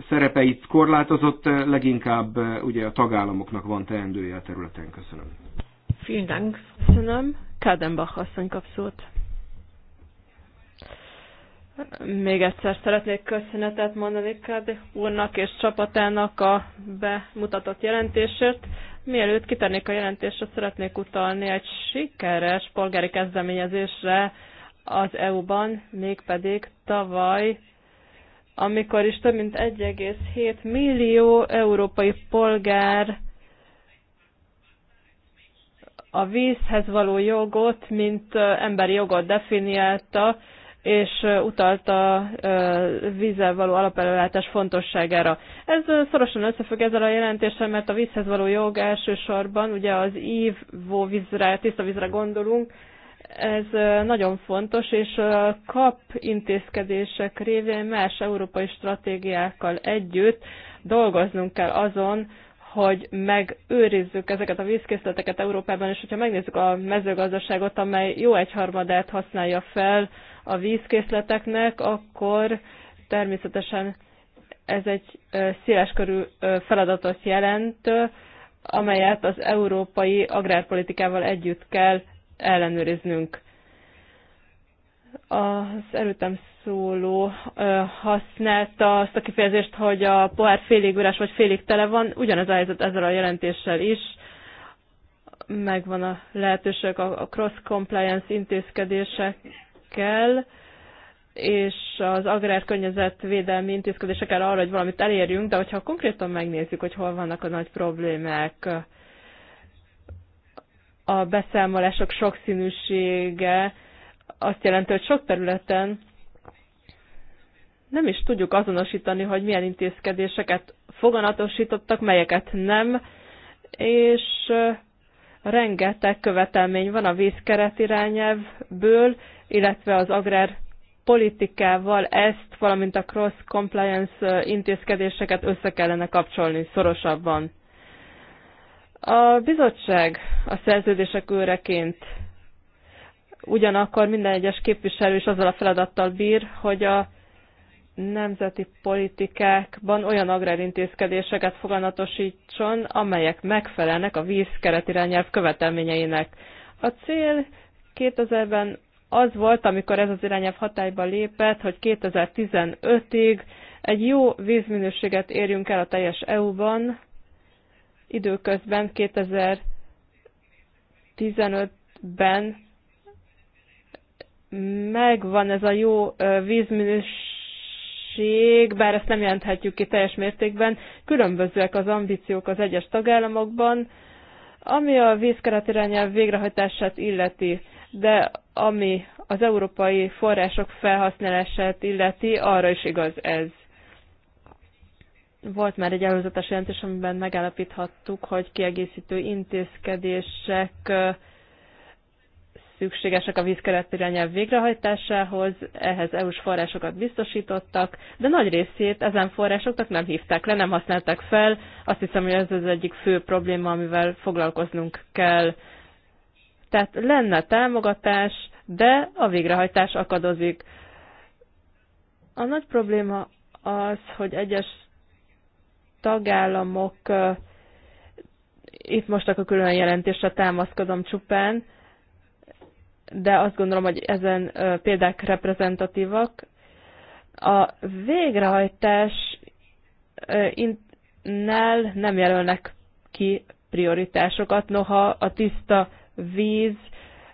szerepeit korlátozott, leginkább ugye a tagállamoknak van teendője a területen. Köszönöm. Vielen Dank. Köszönöm. Kádenbach asszony kap szót. Még egyszer szeretnék köszönetet mondani Kádé úrnak és csapatának a bemutatott jelentésért. Mielőtt kitennék a jelentésre, szeretnék utalni egy sikeres polgári kezdeményezésre az EU-ban, mégpedig tavaly, amikor is több mint 1,7 millió európai polgár a vízhez való jogot, mint emberi jogot definiálta, és utalt a vízzel való alapelőlátás fontosságára. Ez szorosan összefügg ezzel a jelentéssel, mert a vízhez való jog elsősorban, ugye az ívó vízre, tiszta vízre gondolunk, ez nagyon fontos, és a kap intézkedések révén más európai stratégiákkal együtt dolgoznunk kell azon, hogy megőrizzük ezeket a vízkészleteket Európában, és hogyha megnézzük a mezőgazdaságot, amely jó egyharmadát használja fel a vízkészleteknek, akkor természetesen ez egy széleskörű feladatot jelent, amelyet az európai agrárpolitikával együtt kell ellenőriznünk. Az előttem szóló használta azt a kifejezést, hogy a pohár félig üres vagy félig tele van, ugyanez a helyzet ezzel a jelentéssel is. Megvan a lehetőség a cross-compliance intézkedések intézkedésekkel, és az agrárkörnyezet védelmi intézkedésekkel arra, hogy valamit elérjünk, de hogyha konkrétan megnézzük, hogy hol vannak a nagy problémák, a beszámolások sokszínűsége azt jelenti, hogy sok területen nem is tudjuk azonosítani, hogy milyen intézkedéseket foganatosítottak, melyeket nem, és rengeteg követelmény van a vízkeret irányelvből, illetve az agrár politikával ezt, valamint a cross-compliance intézkedéseket össze kellene kapcsolni szorosabban. A bizottság a szerződések őreként ugyanakkor minden egyes képviselő is azzal a feladattal bír, hogy a nemzeti politikákban olyan agrárintézkedéseket foganatosítson, amelyek megfelelnek a víz keretirányelv követelményeinek. A cél 2000-ben az volt, amikor ez az irányelv hatályba lépett, hogy 2015-ig egy jó vízminőséget érjünk el a teljes EU-ban, időközben 2015-ben megvan ez a jó vízminőség, bár ezt nem jelenthetjük ki teljes mértékben, különbözőek az ambíciók az egyes tagállamokban, ami a vízkeretirányelv végrehajtását illeti de ami az európai források felhasználását illeti, arra is igaz ez. Volt már egy előzetes jelentés, amiben megállapíthattuk, hogy kiegészítő intézkedések szükségesek a vízkeret irányelv végrehajtásához, ehhez EU-s forrásokat biztosítottak, de nagy részét ezen forrásoknak nem hívták le, nem használták fel. Azt hiszem, hogy ez az egyik fő probléma, amivel foglalkoznunk kell. Tehát lenne támogatás, de a végrehajtás akadozik. A nagy probléma az, hogy egyes tagállamok, itt most akkor külön jelentésre támaszkodom csupán, de azt gondolom, hogy ezen példák reprezentatívak. A végrehajtás nem jelölnek ki prioritásokat, noha a tiszta víz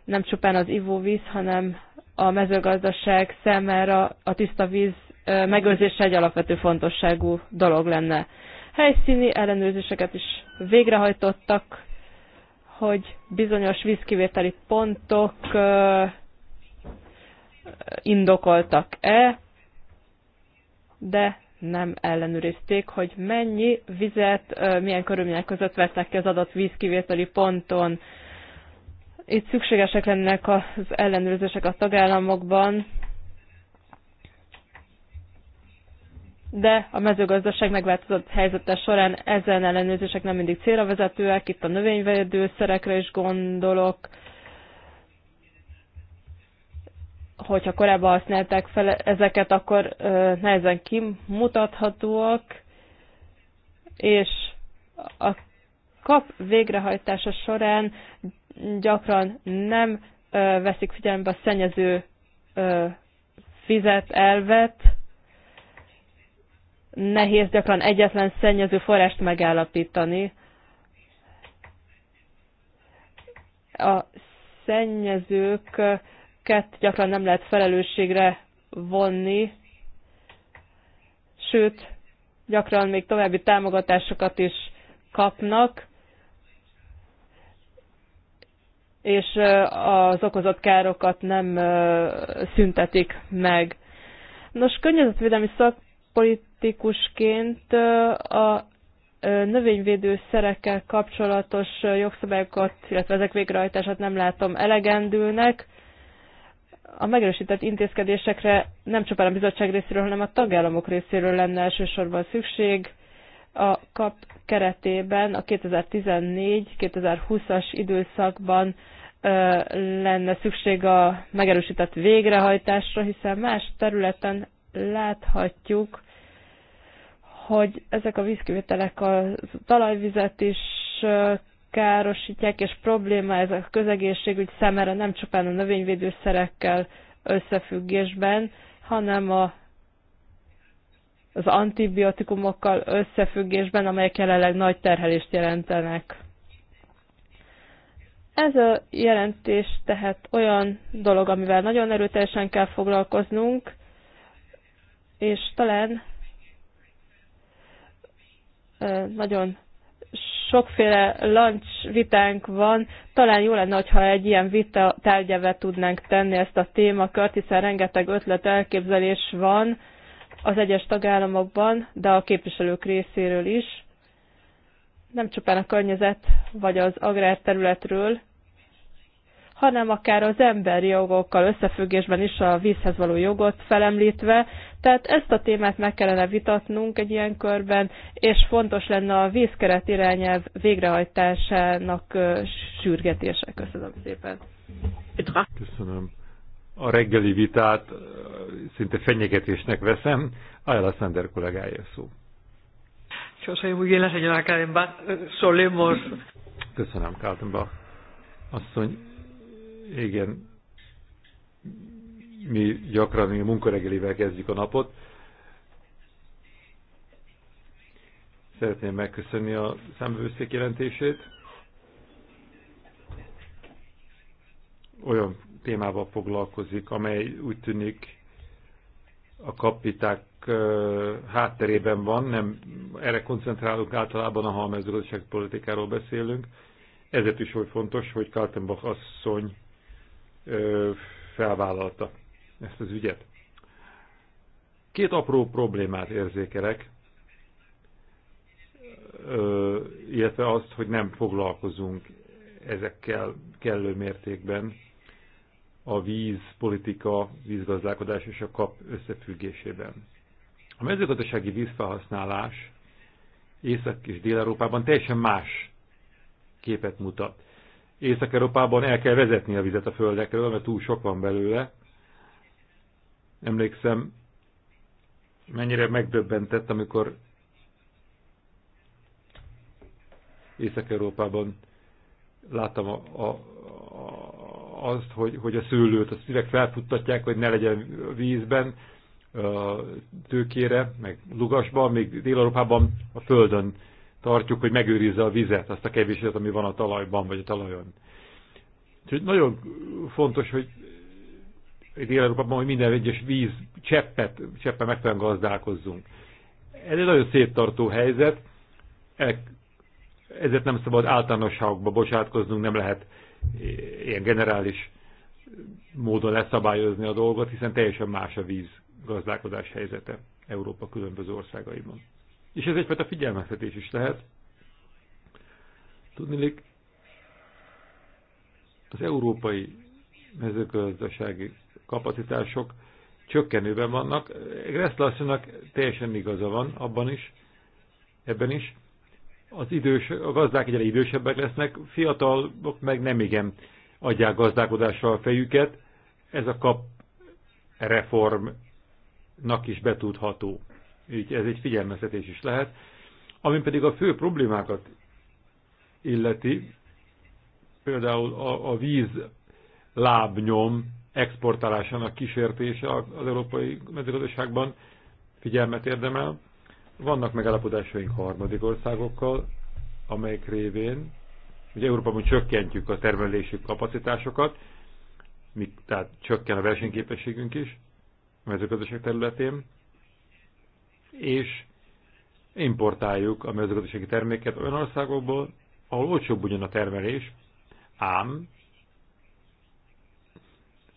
nem csupán az ivóvíz, hanem a mezőgazdaság számára a tiszta víz megőrzése egy alapvető fontosságú dolog lenne. Helyszíni ellenőrzéseket is végrehajtottak, hogy bizonyos vízkivételi pontok indokoltak-e, de nem ellenőrizték, hogy mennyi vizet, milyen körülmények között vettek ki az adott vízkivételi ponton. Itt szükségesek lennek az ellenőrzések a tagállamokban, de a mezőgazdaság megváltozott helyzete során ezen ellenőrzések nem mindig célra vezetőek, itt a növényvédőszerekre is gondolok, hogyha korábban használták fel ezeket, akkor nehezen kimutathatóak, és a kap végrehajtása során gyakran nem veszik figyelembe a szennyező fizet elvet, nehéz gyakran egyetlen szennyező forrást megállapítani. A szennyezőket gyakran nem lehet felelősségre vonni, sőt, gyakran még további támogatásokat is kapnak, és az okozott károkat nem szüntetik meg. Nos, környezetvédelmi szakpolitikusként a szerekkel kapcsolatos jogszabályokat, illetve ezek végrehajtását nem látom elegendőnek. A megerősített intézkedésekre nem csupán a bizottság részéről, hanem a tagállamok részéről lenne elsősorban szükség a kap keretében a 2014-2020-as időszakban lenne szükség a megerősített végrehajtásra, hiszen más területen láthatjuk, hogy ezek a vízkivételek a talajvizet is károsítják, és probléma ez a közegészségügy szemére nem csupán a növényvédőszerekkel összefüggésben, hanem a az antibiotikumokkal összefüggésben, amelyek jelenleg nagy terhelést jelentenek. Ez a jelentés tehát olyan dolog, amivel nagyon erőteljesen kell foglalkoznunk, és talán nagyon sokféle lancs vitánk van, talán jó lenne, ha egy ilyen vita tárgyává tudnánk tenni ezt a témakört, hiszen rengeteg ötlet elképzelés van, az egyes tagállamokban, de a képviselők részéről is, nem csupán a környezet vagy az agrárterületről, hanem akár az emberi jogokkal összefüggésben is a vízhez való jogot felemlítve. Tehát ezt a témát meg kellene vitatnunk egy ilyen körben, és fontos lenne a vízkeret irányelv végrehajtásának sürgetése. Köszönöm szépen. Köszönöm a reggeli vitát szinte fenyegetésnek veszem. Ayala Sander kollégája szó. Eh, Köszönöm, soy Azt mondja, igen, mi gyakran mi munkareggelivel kezdjük a napot. Szeretném megköszönni a számbevőszék jelentését. Olyan témával foglalkozik, amely úgy tűnik a kapiták hátterében van, nem erre koncentrálunk általában, ha a mezőgazdaság politikáról beszélünk. Ezért is oly fontos, hogy Kaltenbach asszony felvállalta ezt az ügyet. Két apró problémát érzékelek, illetve azt, hogy nem foglalkozunk ezekkel kellő mértékben a vízpolitika, vízgazdálkodás és a kap összefüggésében. A mezőgazdasági vízfelhasználás Észak- és Dél-Európában teljesen más képet mutat. Észak-Európában el kell vezetni a vizet a földekről, mert túl sok van belőle. Emlékszem, mennyire megdöbbentett, amikor Észak-Európában láttam a, a azt, hogy, hogy a szőlőt azt direkt felfuttatják, hogy ne legyen vízben, tőkére, meg lugasban, még Dél-Európában a földön tartjuk, hogy megőrizze a vizet, azt a kevés ami van a talajban, vagy a talajon. Úgyhogy nagyon fontos, hogy Dél-Európában, hogy minden egyes víz cseppet, cseppen megfelelően gazdálkozzunk. Ez egy nagyon széttartó helyzet, e- ezért nem szabad általánosságokba bocsátkoznunk, nem lehet ilyen generális módon leszabályozni a dolgot, hiszen teljesen más a víz gazdálkodás helyzete Európa különböző országaiban. És ez egyfajta figyelmeztetés is lehet. Tudnilik, az európai mezőgazdasági kapacitások csökkenőben vannak. Gressler teljesen igaza van abban is, ebben is, az idős, a gazdák egyre idősebbek lesznek, fiatalok meg nem igen adják gazdálkodásra a fejüket, ez a kap reformnak is betudható. Így ez egy figyelmeztetés is lehet. Ami pedig a fő problémákat illeti, például a, a víz lábnyom exportálásának kísértése az európai mezőgazdaságban figyelmet érdemel. Vannak megállapodásaink harmadik országokkal, amelyek révén, ugye Európában csökkentjük a termelési kapacitásokat, mi, tehát csökken a versenyképességünk is a mezőgazdaság területén, és importáljuk a mezőgazdasági terméket olyan országokból, ahol olcsóbb ugyan a termelés, ám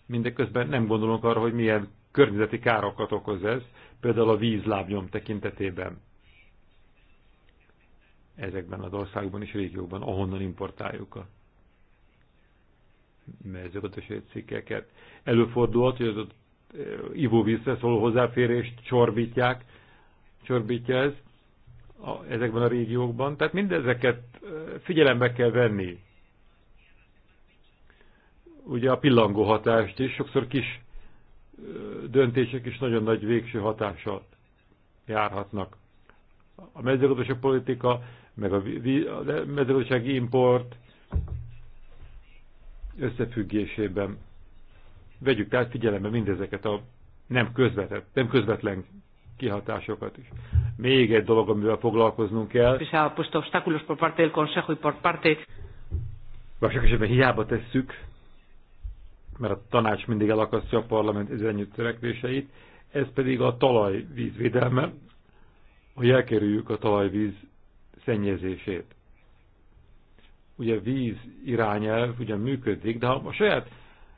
mindeközben nem gondolunk arra, hogy milyen környezeti károkat okoz ez, például a vízlábnyom tekintetében ezekben az országban és régiókban, ahonnan importáljuk a mezőgazdasági cikkeket. Előfordulhat, hogy az eh, ivóvízhez való hozzáférést csorbítják, csorbítja ez a, ezekben a régiókban. Tehát mindezeket eh, figyelembe kell venni. Ugye a pillangó hatást is sokszor kis döntések is nagyon nagy végső hatással járhatnak. A mezőgazdasági politika, meg a mezőgazdasági import összefüggésében vegyük tehát figyelembe mindezeket a nem, közvetett, nem közvetlen kihatásokat is. Még egy dolog, amivel foglalkoznunk kell. És ha obstáculos por parte del Consejo y por parte... hiába tesszük, mert a tanács mindig elakasztja a parlament ezenyű törekvéseit, ez pedig a talajvízvédelme, hogy elkerüljük a talajvíz szennyezését. Ugye víz irányelv ugyan működik, de ha a saját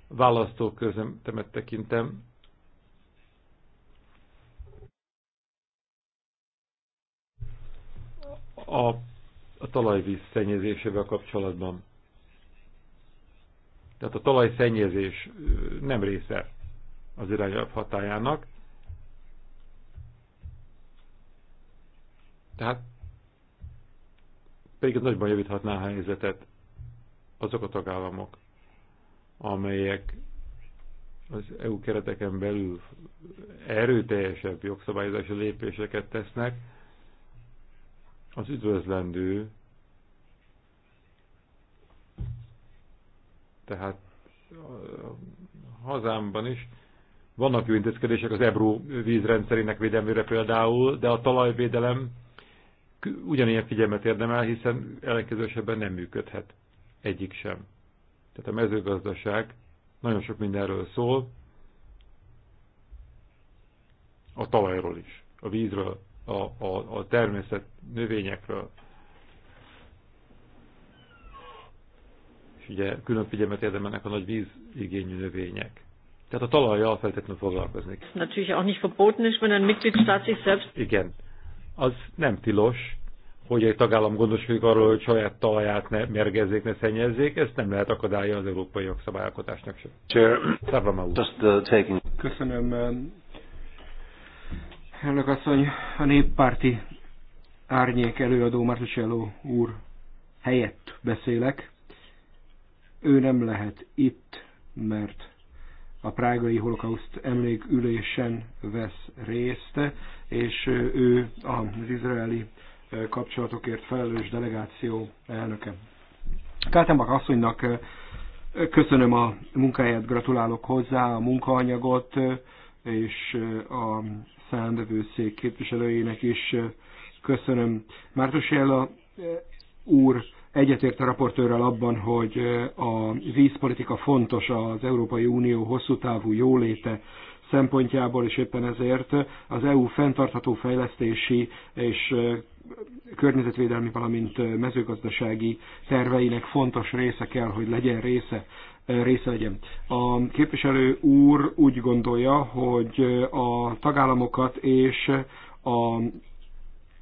választóközömet tekintem, a, a talajvíz szennyezésével kapcsolatban. Tehát a talajszennyezés nem része az irányelv hatájának. Tehát pedig ez nagyban javíthatná a helyzetet azok a tagállamok, amelyek az EU kereteken belül erőteljesebb jogszabályozási lépéseket tesznek, az üdvözlendő Tehát hazámban is vannak jó intézkedések az Ebró vízrendszerének védelmére például, de a talajvédelem ugyanilyen figyelmet érdemel, hiszen ellenkezősebben nem működhet egyik sem. Tehát a mezőgazdaság nagyon sok mindenről szól, a talajról is, a vízről, a, a, a természet növényekről, ugye külön figyelmet érdemelnek a nagy vízigényű növények. Tehát a talajjal feltétlenül foglalkozni. Natürlich auch nicht verboten ist, wenn ein Mitgliedstaat sich selbst... Igen. Az nem tilos, hogy egy tagállam gondoskodik arról, hogy saját talaját ne mérgezzék, ne szennyezzék, Ez nem lehet akadálya az európai jogszabályalkotásnak sem. Sure. Just, uh, Köszönöm. Uh, elnök asszony, a néppárti árnyék előadó Martusello úr helyett beszélek. Ő nem lehet itt, mert a prágai holokauszt emlékülésen vesz részt, és ő az izraeli kapcsolatokért felelős delegáció elnöke. Kátenbak asszonynak köszönöm a munkáját, gratulálok hozzá, a munkaanyagot, és a szándevőszék képviselőjének is köszönöm. Mártus Ella úr egyetért a raportőrrel abban, hogy a vízpolitika fontos az Európai Unió hosszú távú jóléte szempontjából, és éppen ezért az EU fenntartható fejlesztési és környezetvédelmi, valamint mezőgazdasági terveinek fontos része kell, hogy legyen része része legyen. A képviselő úr úgy gondolja, hogy a tagállamokat és a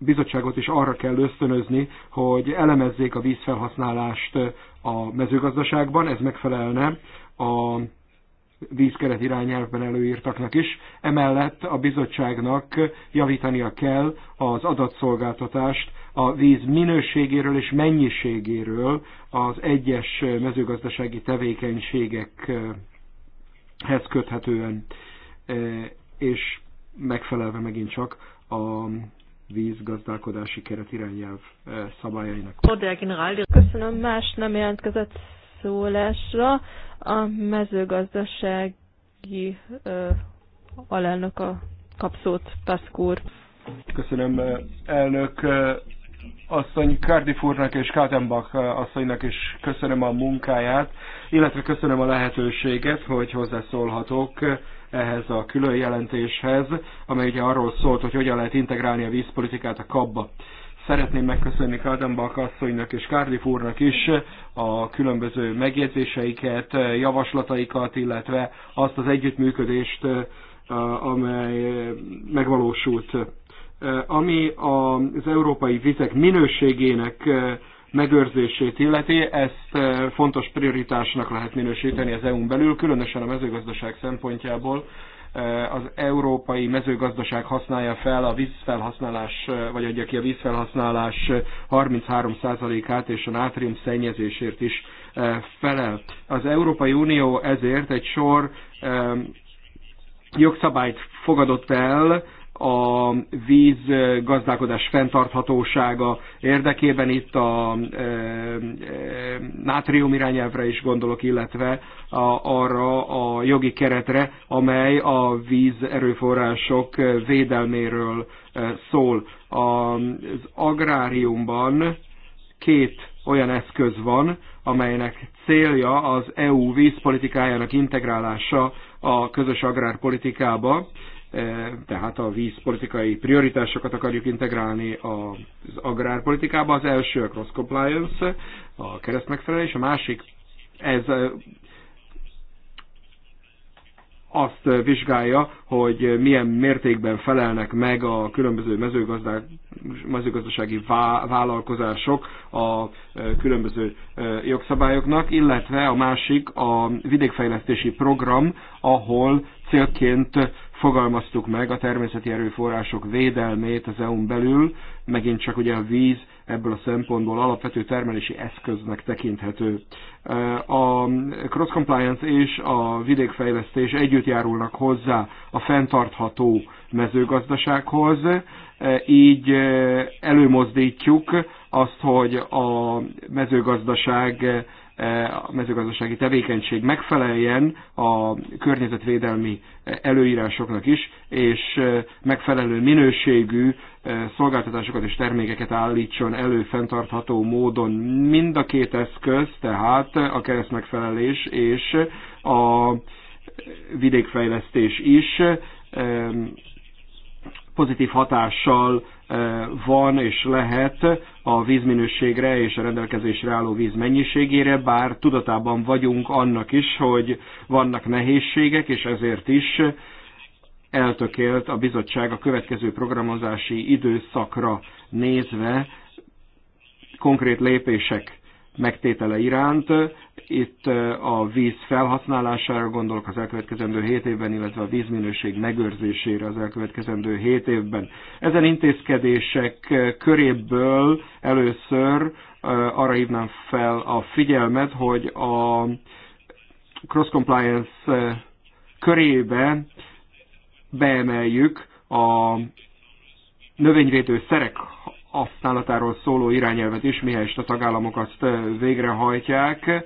bizottságot is arra kell ösztönözni, hogy elemezzék a vízfelhasználást a mezőgazdaságban, ez megfelelne a vízkeret irányelvben előírtaknak is. Emellett a bizottságnak javítania kell az adatszolgáltatást a víz minőségéről és mennyiségéről az egyes mezőgazdasági tevékenységekhez köthetően, és megfelelve megint csak a vízgazdálkodási keret irányelv eh, szabályainak. Köszönöm, más nem jelentkezett szólásra. A mezőgazdasági ö, alelnök a kapszót, Peszkúr. Köszönöm, eh, elnök eh, asszony Cardiff úrnak és Kátenbach asszonynak is köszönöm a munkáját, illetve köszönöm a lehetőséget, hogy hozzászólhatok ehhez a külön jelentéshez, amely ugye arról szólt, hogy hogyan lehet integrálni a vízpolitikát a kabba. Szeretném megköszönni Kaldenbach asszonynak és Cardiff úrnak is a különböző megjegyzéseiket, javaslataikat, illetve azt az együttműködést, amely megvalósult. Ami az európai vizek minőségének megőrzését illeti, ezt e, fontos prioritásnak lehet minősíteni az EU-n belül, különösen a mezőgazdaság szempontjából. E, az európai mezőgazdaság használja fel a vízfelhasználás, e, vagy adja ki a vízfelhasználás 33%-át, és a nátrium szennyezésért is felel. Az Európai Unió ezért egy sor jogszabályt fogadott el a vízgazdálkodás fenntarthatósága érdekében, itt a e, e, nátrium irányelvre is gondolok, illetve a, arra a jogi keretre, amely a víz erőforrások védelméről e, szól. A, az agráriumban két olyan eszköz van, amelynek célja az EU vízpolitikájának integrálása a közös agrárpolitikába tehát a vízpolitikai prioritásokat akarjuk integrálni az agrárpolitikába. Az első a cross compliance, a keresztmegfelelés, a másik ez azt vizsgálja, hogy milyen mértékben felelnek meg a különböző mezőgazdasági vállalkozások a különböző jogszabályoknak, illetve a másik a vidékfejlesztési program, ahol célként fogalmaztuk meg a természeti erőforrások védelmét az EU-n belül, megint csak ugye a víz ebből a szempontból alapvető termelési eszköznek tekinthető. A cross compliance és a vidékfejlesztés együtt járulnak hozzá a fenntartható mezőgazdasághoz, így előmozdítjuk azt, hogy a mezőgazdaság E, a mezőgazdasági tevékenység megfeleljen a környezetvédelmi előírásoknak is, és e, megfelelő minőségű e, szolgáltatásokat és termékeket állítson elő fenntartható módon. Mind a két eszköz, tehát a kereszt megfelelés és a vidékfejlesztés is pozitív hatással eh, van és lehet a vízminőségre és a rendelkezésre álló víz mennyiségére, bár tudatában vagyunk annak is, hogy vannak nehézségek, és ezért is eltökélt a bizottság a következő programozási időszakra nézve konkrét lépések megtétele iránt. Itt a víz felhasználására gondolok az elkövetkezendő 7 évben, illetve a vízminőség megőrzésére az elkövetkezendő 7 évben. Ezen intézkedések köréből először arra hívnám fel a figyelmet, hogy a cross-compliance körébe beemeljük a növényvédő szerek használatáról szóló irányelvet is, mihelyest a tagállamok azt végrehajtják.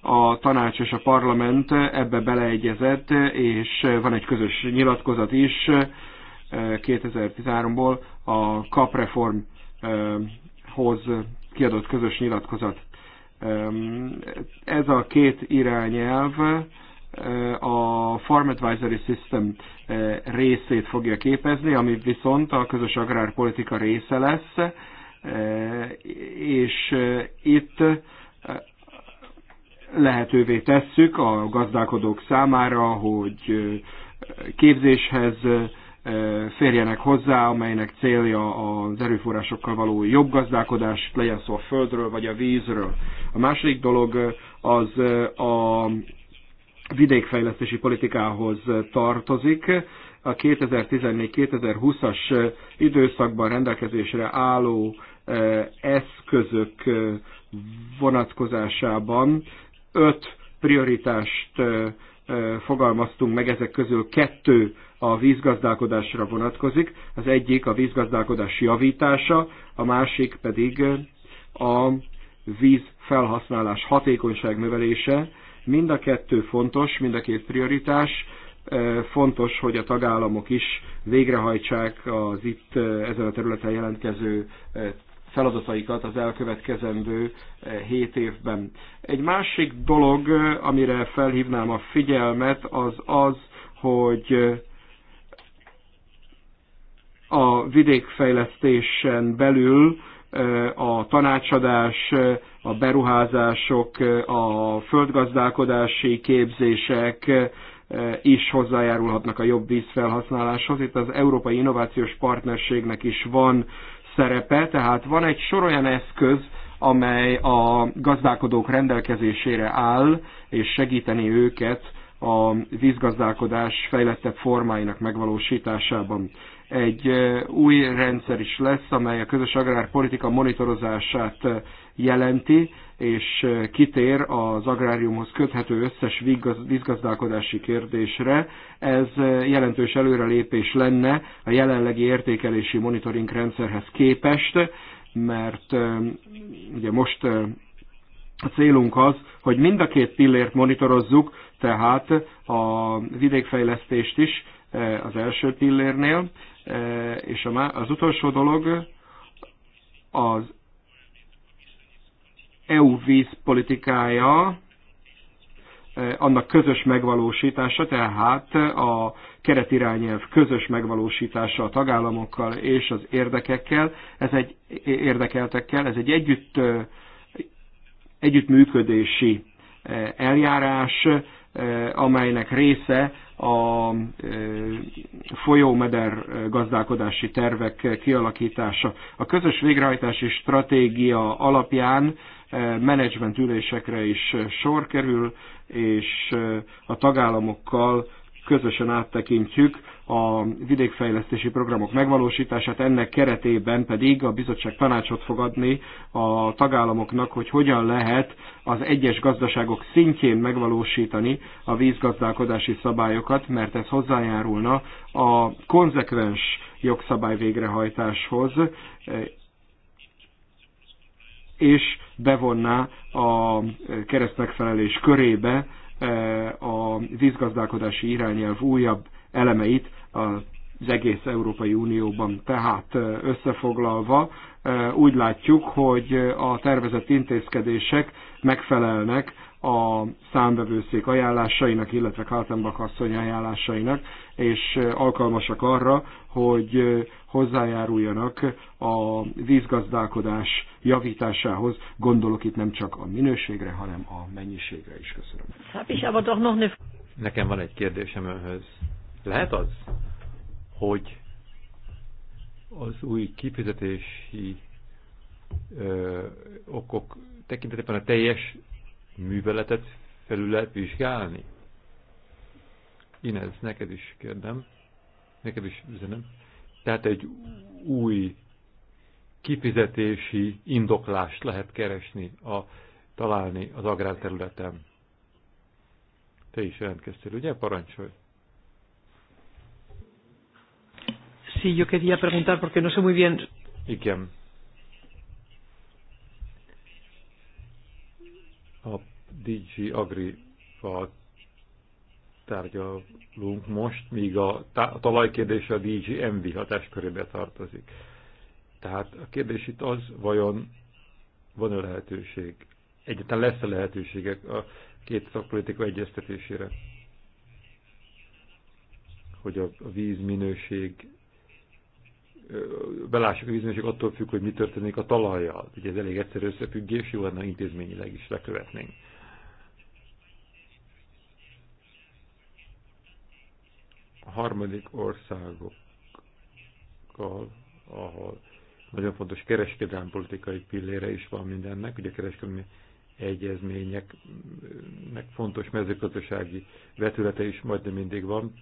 A tanács és a parlament ebbe beleegyezett, és van egy közös nyilatkozat is 2013-ból a kapreformhoz kiadott közös nyilatkozat. Ez a két irányelv a Farm Advisory System részét fogja képezni, ami viszont a közös agrárpolitika része lesz, és itt lehetővé tesszük a gazdálkodók számára, hogy képzéshez férjenek hozzá, amelynek célja az erőforrásokkal való jobb gazdálkodás, legyen szó a földről vagy a vízről. A második dolog az a vidékfejlesztési politikához tartozik. A 2014-2020-as időszakban rendelkezésre álló e, eszközök e, vonatkozásában öt prioritást e, fogalmaztunk meg, ezek közül kettő a vízgazdálkodásra vonatkozik, az egyik a vízgazdálkodás javítása, a másik pedig a víz felhasználás hatékonyság növelése, Mind a kettő fontos, mind a két prioritás. Fontos, hogy a tagállamok is végrehajtsák az itt ezen a területen jelentkező feladataikat az elkövetkezendő hét évben. Egy másik dolog, amire felhívnám a figyelmet, az az, hogy a vidékfejlesztésen belül a tanácsadás, a beruházások, a földgazdálkodási képzések e, is hozzájárulhatnak a jobb vízfelhasználáshoz. Itt az Európai Innovációs Partnerségnek is van szerepe, tehát van egy sor olyan eszköz, amely a gazdálkodók rendelkezésére áll, és segíteni őket a vízgazdálkodás fejlettebb formáinak megvalósításában. Egy új rendszer is lesz, amely a közös agrárpolitika monitorozását jelenti, és kitér az agráriumhoz köthető összes vízgazdálkodási kérdésre. Ez jelentős előrelépés lenne a jelenlegi értékelési monitoring rendszerhez képest, mert ugye most a célunk az, hogy mind a két pillért monitorozzuk, tehát a vidékfejlesztést is, Eh, az első pillérnél, eh, és az utolsó dolog az EU vízpolitikája, eh, annak közös megvalósítása, tehát a keretirányelv közös megvalósítása a tagállamokkal és az érdekekkel, ez egy érdekeltekkel, ez egy együtt, együttműködési eljárás, amelynek része a folyómeder gazdálkodási tervek kialakítása. A közös végrehajtási stratégia alapján menedzsment ülésekre is sor kerül, és a tagállamokkal közösen áttekintjük a vidékfejlesztési programok megvalósítását, ennek keretében pedig a bizottság tanácsot fog adni a tagállamoknak, hogy hogyan lehet az egyes gazdaságok szintjén megvalósítani a vízgazdálkodási szabályokat, mert ez hozzájárulna a konzekvens jogszabály végrehajtáshoz, és bevonná a keresztmegfelelés körébe a vízgazdálkodási irányelv újabb elemeit az egész Európai Unióban. Tehát összefoglalva úgy látjuk, hogy a tervezett intézkedések megfelelnek a számbevőszék ajánlásainak, illetve Kaltenbach asszony ajánlásainak, és alkalmasak arra, hogy hozzájáruljanak a vízgazdálkodás javításához. Gondolok itt nem csak a minőségre, hanem a mennyiségre is. Köszönöm. Nekem van egy kérdésem önhöz. Lehet az, hogy az új kifizetési ö, okok tekintetében a teljes műveletet felül lehet vizsgálni? Inez, neked is kérdem, neked is üzenem. Tehát egy új kifizetési indoklást lehet keresni, a, találni az agrárterületen. Te is jelentkeztél, ugye? Parancsolj! Sí, yo quería preguntar porque no sé muy bien. Igen. A DG agri tárgyalunk most, míg a, tá- a talajkérdése a DG MV hatáskörébe tartozik. Tehát a kérdés itt az, vajon van-e lehetőség, egyáltalán lesz-e lehetőségek a két szakpolitika egyeztetésére, hogy a vízminőség belássuk a bizonyosok attól függ, hogy mi történik a talajjal. Ugye ez elég egyszerű összefüggés, jó lenne intézményileg is lekövetnénk. A harmadik országokkal, ahol nagyon fontos kereskedelmi politikai pillére is van mindennek, ugye kereskedelmi egyezményeknek fontos mezőgazdasági vetülete is majdnem mindig van,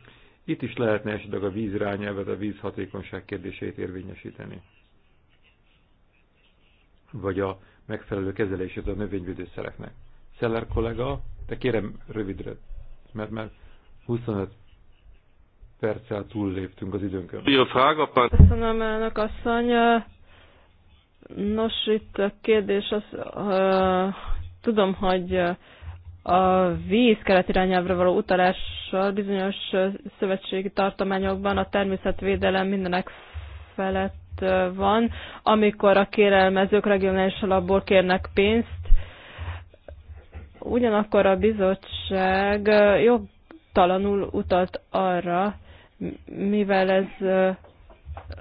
itt is lehetne esetleg a irányelvet, a vízhatékonyság kérdését érvényesíteni. Vagy a megfelelő kezelését a növényvédőszereknek. Szeller kollega, de kérem rövidre, mert már 25 perccel túlléptünk az időnkön. Köszönöm, elnök asszony. Nos, itt a kérdés az, uh, tudom, hogy uh, a víz keleti irányelvre való utalással bizonyos szövetségi tartományokban a természetvédelem mindenek felett van, amikor a kérelmezők regionális alapból kérnek pénzt. Ugyanakkor a bizottság jogtalanul utalt arra, mivel ez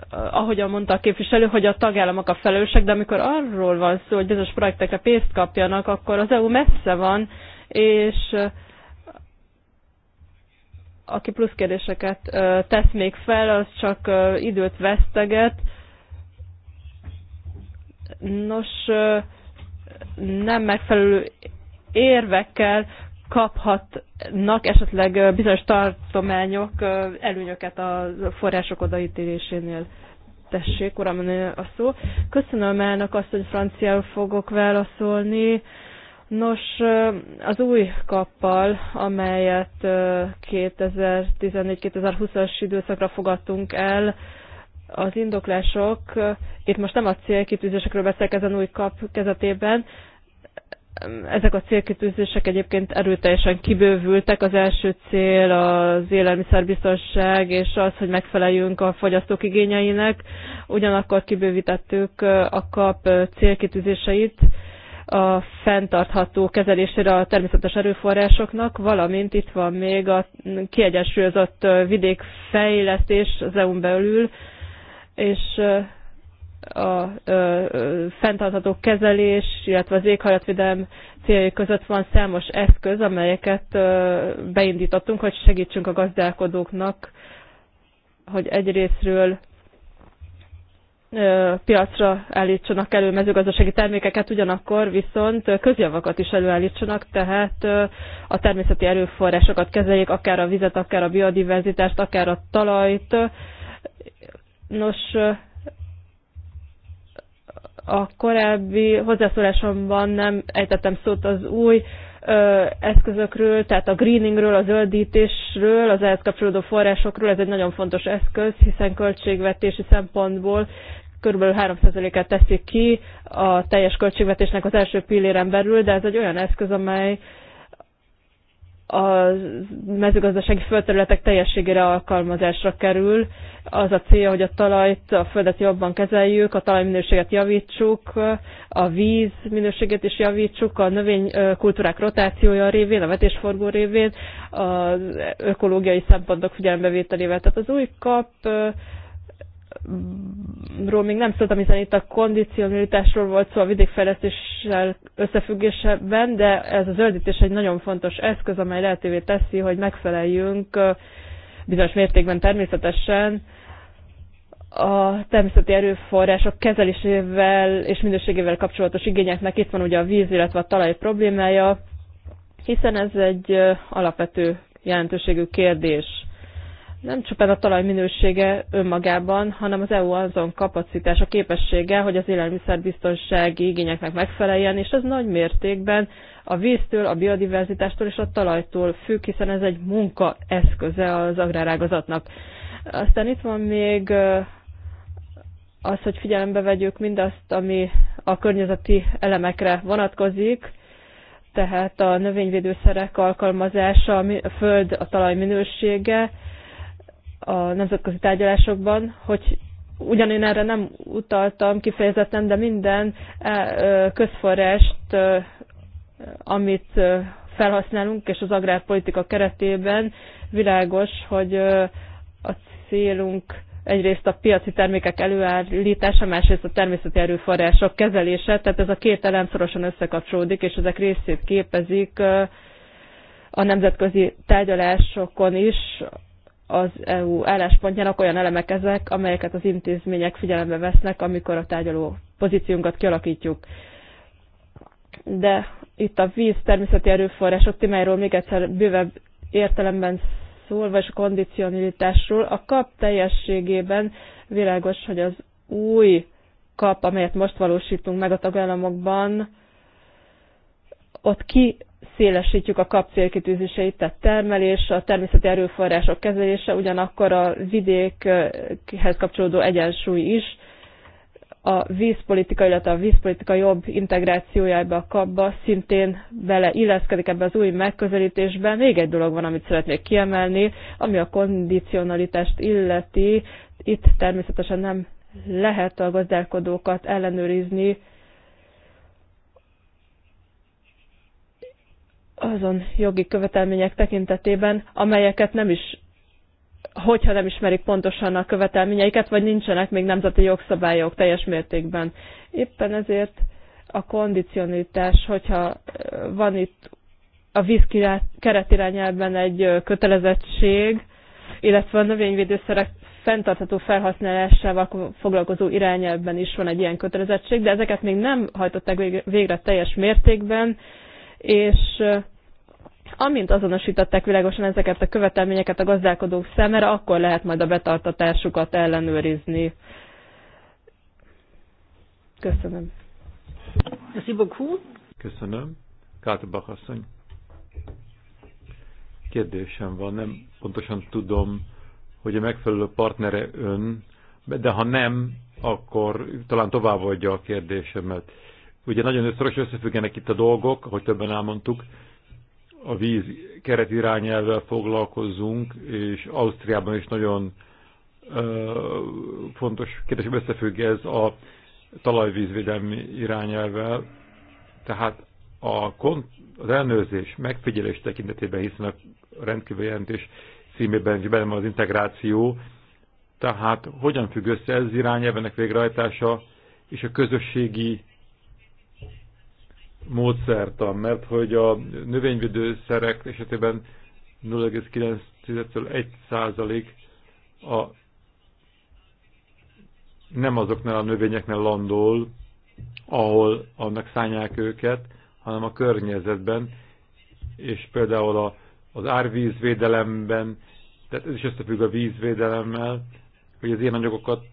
ahogyan mondta a képviselő, hogy a tagállamok a felelősek, de amikor arról van szó, hogy bizonyos projektekre pénzt kapjanak, akkor az EU messze van és aki plusz kérdéseket tesz még fel, az csak időt veszteget. Nos, nem megfelelő érvekkel kaphatnak esetleg bizonyos tartományok előnyöket a források odaítélésénél. Tessék, uram, a szó. Köszönöm elnök azt, hogy franciául fogok válaszolni. Nos, az új kappal, amelyet 2014-2020-as időszakra fogadtunk el, az indoklások, itt most nem a célkitűzésekről beszélek ezen új kap kezetében, ezek a célkitűzések egyébként erőteljesen kibővültek. Az első cél az élelmiszerbiztonság és az, hogy megfeleljünk a fogyasztók igényeinek. Ugyanakkor kibővítettük a kap célkitűzéseit, a fenntartható kezelésére a természetes erőforrásoknak, valamint itt van még a kiegyensúlyozott vidékfejlesztés az EU-n belül, és a fenntartható kezelés, illetve az éghajlatvédelem céljai között van számos eszköz, amelyeket beindítottunk, hogy segítsünk a gazdálkodóknak, hogy egyrésztről piacra állítsanak elő mezőgazdasági termékeket, ugyanakkor viszont közjavakat is előállítsanak, tehát a természeti erőforrásokat kezeljék, akár a vizet, akár a biodiverzitást, akár a talajt. Nos, a korábbi hozzászólásomban nem ejtettem szót az új eszközökről, tehát a greeningről, a zöldítésről, az ehhez kapcsolódó forrásokról, ez egy nagyon fontos eszköz, hiszen költségvetési szempontból kb. 3 et teszik ki a teljes költségvetésnek az első pilléren belül, de ez egy olyan eszköz, amely a mezőgazdasági földterületek teljességére alkalmazásra kerül. Az a célja, hogy a talajt, a földet jobban kezeljük, a talajminőséget javítsuk, a víz minőségét is javítsuk, a növénykultúrák rotációja révén, a vetésforgó révén, az ökológiai szempontok figyelembevételével. Tehát az új kap ról még nem szóltam, hiszen itt a kondicionalitásról volt szó a vidékfejlesztéssel összefüggésben, de ez a zöldítés egy nagyon fontos eszköz, amely lehetővé teszi, hogy megfeleljünk bizonyos mértékben természetesen a természeti erőforrások kezelésével és minőségével kapcsolatos igényeknek. Itt van ugye a víz, illetve a talaj problémája, hiszen ez egy alapvető jelentőségű kérdés nem csupán a talaj minősége önmagában, hanem az EU azon kapacitása, képessége, hogy az élelmiszerbiztonsági igényeknek megfeleljen, és ez nagy mértékben a víztől, a biodiverzitástól és a talajtól függ, hiszen ez egy munka eszköze az agrárágazatnak. Aztán itt van még az, hogy figyelembe vegyük mindazt, ami a környezeti elemekre vonatkozik, tehát a növényvédőszerek alkalmazása, a föld, a talaj minősége, a nemzetközi tárgyalásokban, hogy ugyan én erre nem utaltam kifejezetten, de minden e, közforrást, amit felhasználunk, és az agrárpolitika keretében világos, hogy a célunk egyrészt a piaci termékek előállítása, másrészt a természeti erőforrások kezelése, tehát ez a két elem szorosan összekapcsolódik, és ezek részét képezik a nemzetközi tárgyalásokon is az EU álláspontjának olyan elemek ezek, amelyeket az intézmények figyelembe vesznek, amikor a tárgyaló pozíciónkat kialakítjuk. De itt a víz természeti erőforrások témáiról még egyszer bővebb értelemben szólva, és a kondicionalitásról. A kap teljességében világos, hogy az új kap, amelyet most valósítunk meg a tagállamokban, ott ki szélesítjük a kap célkitűzéseit, tehát termelés, a természeti erőforrások kezelése, ugyanakkor a vidékhez kapcsolódó egyensúly is, a vízpolitika, illetve a vízpolitika jobb integrációjába a kapba szintén bele illeszkedik ebbe az új megközelítésbe. Még egy dolog van, amit szeretnék kiemelni, ami a kondicionalitást illeti. Itt természetesen nem lehet a gazdálkodókat ellenőrizni, azon jogi követelmények tekintetében, amelyeket nem is, hogyha nem ismerik pontosan a követelményeiket, vagy nincsenek még nemzeti jogszabályok teljes mértékben. Éppen ezért a kondicionitás, hogyha eh, van itt a víz keretirányában egy eh, kötelezettség, illetve a növényvédőszerek fenntartható felhasználásával foglalkozó irányelvben is van egy ilyen kötelezettség, de ezeket még nem hajtották végre teljes mértékben, és amint azonosították világosan ezeket a követelményeket a gazdálkodók számára, akkor lehet majd a betartatásukat ellenőrizni. Köszönöm. Köszönöm. Kátebach asszony. Kérdésem van, nem pontosan tudom, hogy a megfelelő partnere ön, de ha nem, akkor talán továbbadja a kérdésemet. Ugye nagyon szoros összefüggenek itt a dolgok, ahogy többen elmondtuk, a víz irányelvvel foglalkozzunk, és Ausztriában is nagyon ö, fontos kérdés, összefügg ez a talajvízvédelmi irányelvvel. Tehát a kont, az elnőrzés, megfigyelés tekintetében, hiszen a rendkívül jelentés címében is benne van az integráció, tehát hogyan függ össze ez irányelvenek végrehajtása és a közösségi módszertan, mert hogy a növényvédőszerek esetében 09 1 a nem azoknál a növényeknél landol, ahol annak szállják őket, hanem a környezetben, és például a, az árvízvédelemben, tehát ez is összefügg a vízvédelemmel, hogy az ilyen anyagokat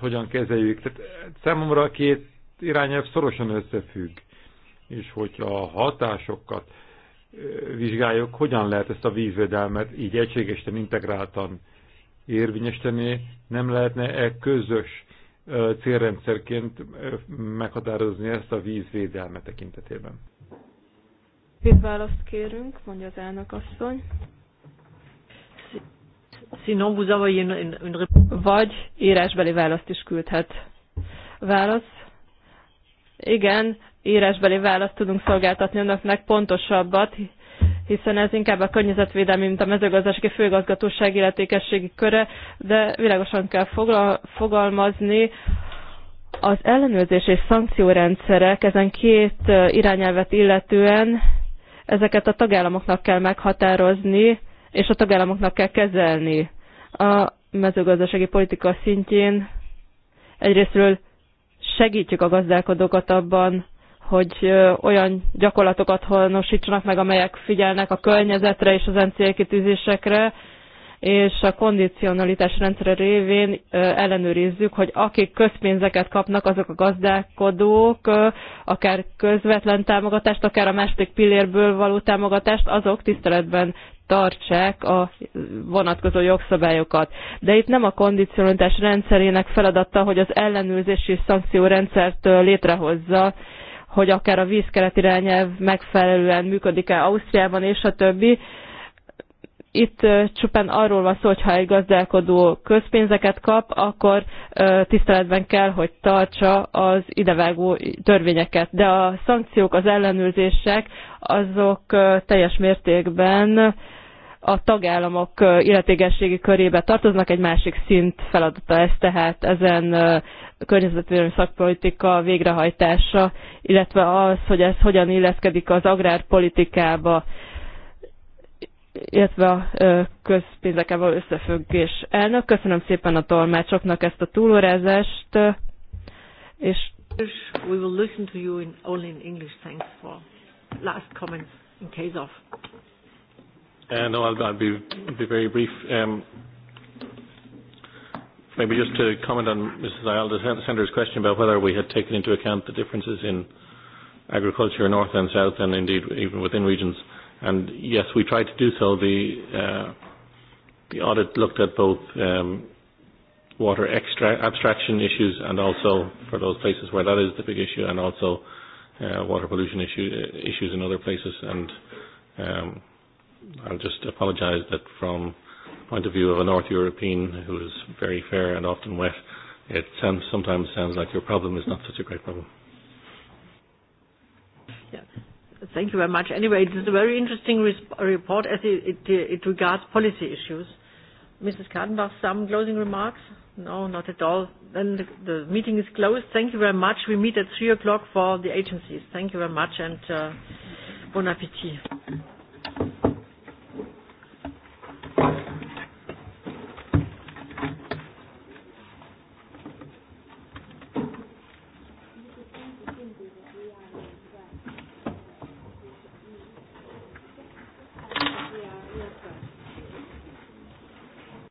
hogyan kezeljük. Tehát számomra a két irányelv szorosan összefügg és hogyha a hatásokat vizsgáljuk, hogyan lehet ezt a vízvédelmet így egységesen, integráltan érvényesíteni, nem lehetne-e közös célrendszerként meghatározni ezt a vízvédelme tekintetében? Mit választ kérünk, mondja az elnök asszony. Vagy írásbeli választ is küldhet. Válasz. Igen, írásbeli választ tudunk szolgáltatni önöknek pontosabbat, hiszen ez inkább a környezetvédelmi, mint a mezőgazdasági főgazgatóság illetékességi köre, de világosan kell fogalmazni, az ellenőrzés és szankciórendszerek ezen két irányelvet illetően ezeket a tagállamoknak kell meghatározni, és a tagállamoknak kell kezelni. A mezőgazdasági politika szintjén egyrésztről segítjük a gazdálkodókat abban, hogy olyan gyakorlatokat honosítsanak meg, amelyek figyelnek a környezetre és az kitűzésekre, és a kondicionalitás rendszere révén ellenőrizzük, hogy akik közpénzeket kapnak, azok a gazdálkodók, akár közvetlen támogatást, akár a második pillérből való támogatást, azok tiszteletben tartsák a vonatkozó jogszabályokat. De itt nem a kondicionalitás rendszerének feladata, hogy az ellenőrzési szankciórendszert létrehozza, hogy akár a vízkeret irányelv megfelelően működik-e Ausztriában, és a többi. Itt csupán arról van szó, hogy ha egy gazdálkodó közpénzeket kap, akkor tiszteletben kell, hogy tartsa az idevágó törvényeket. De a szankciók, az ellenőrzések, azok teljes mértékben a tagállamok illetékességi körébe tartoznak, egy másik szint feladata ez tehát ezen környezetvédelmi szakpolitika végrehajtása, illetve az, hogy ez hogyan illeszkedik az agrárpolitikába, illetve a közpénzekkel való összefüggés. Elnök, köszönöm szépen a tolmácsoknak ezt a túlórázást, és We will listen to you in, only in English. Thanks for last comments in case of. Uh, no, I'll, I'll be, be very brief. Um, Maybe just to comment on Mrs. Ayala question about whether we had taken into account the differences in agriculture north and south and indeed even within regions. And yes, we tried to do so. The, uh, the audit looked at both um, water extra abstraction issues and also for those places where that is the big issue and also uh, water pollution issue, issues in other places. And um, I'll just apologise that from point of view of a North European who is very fair and often wet, it sounds, sometimes sounds like your problem is not such a great problem. Yeah. Thank you very much. Anyway, it is a very interesting report as it, it, it regards policy issues. Mrs. Kadenbach, some closing remarks? No, not at all. Then the, the meeting is closed. Thank you very much. We meet at 3 o'clock for the agencies. Thank you very much and uh, bon appétit.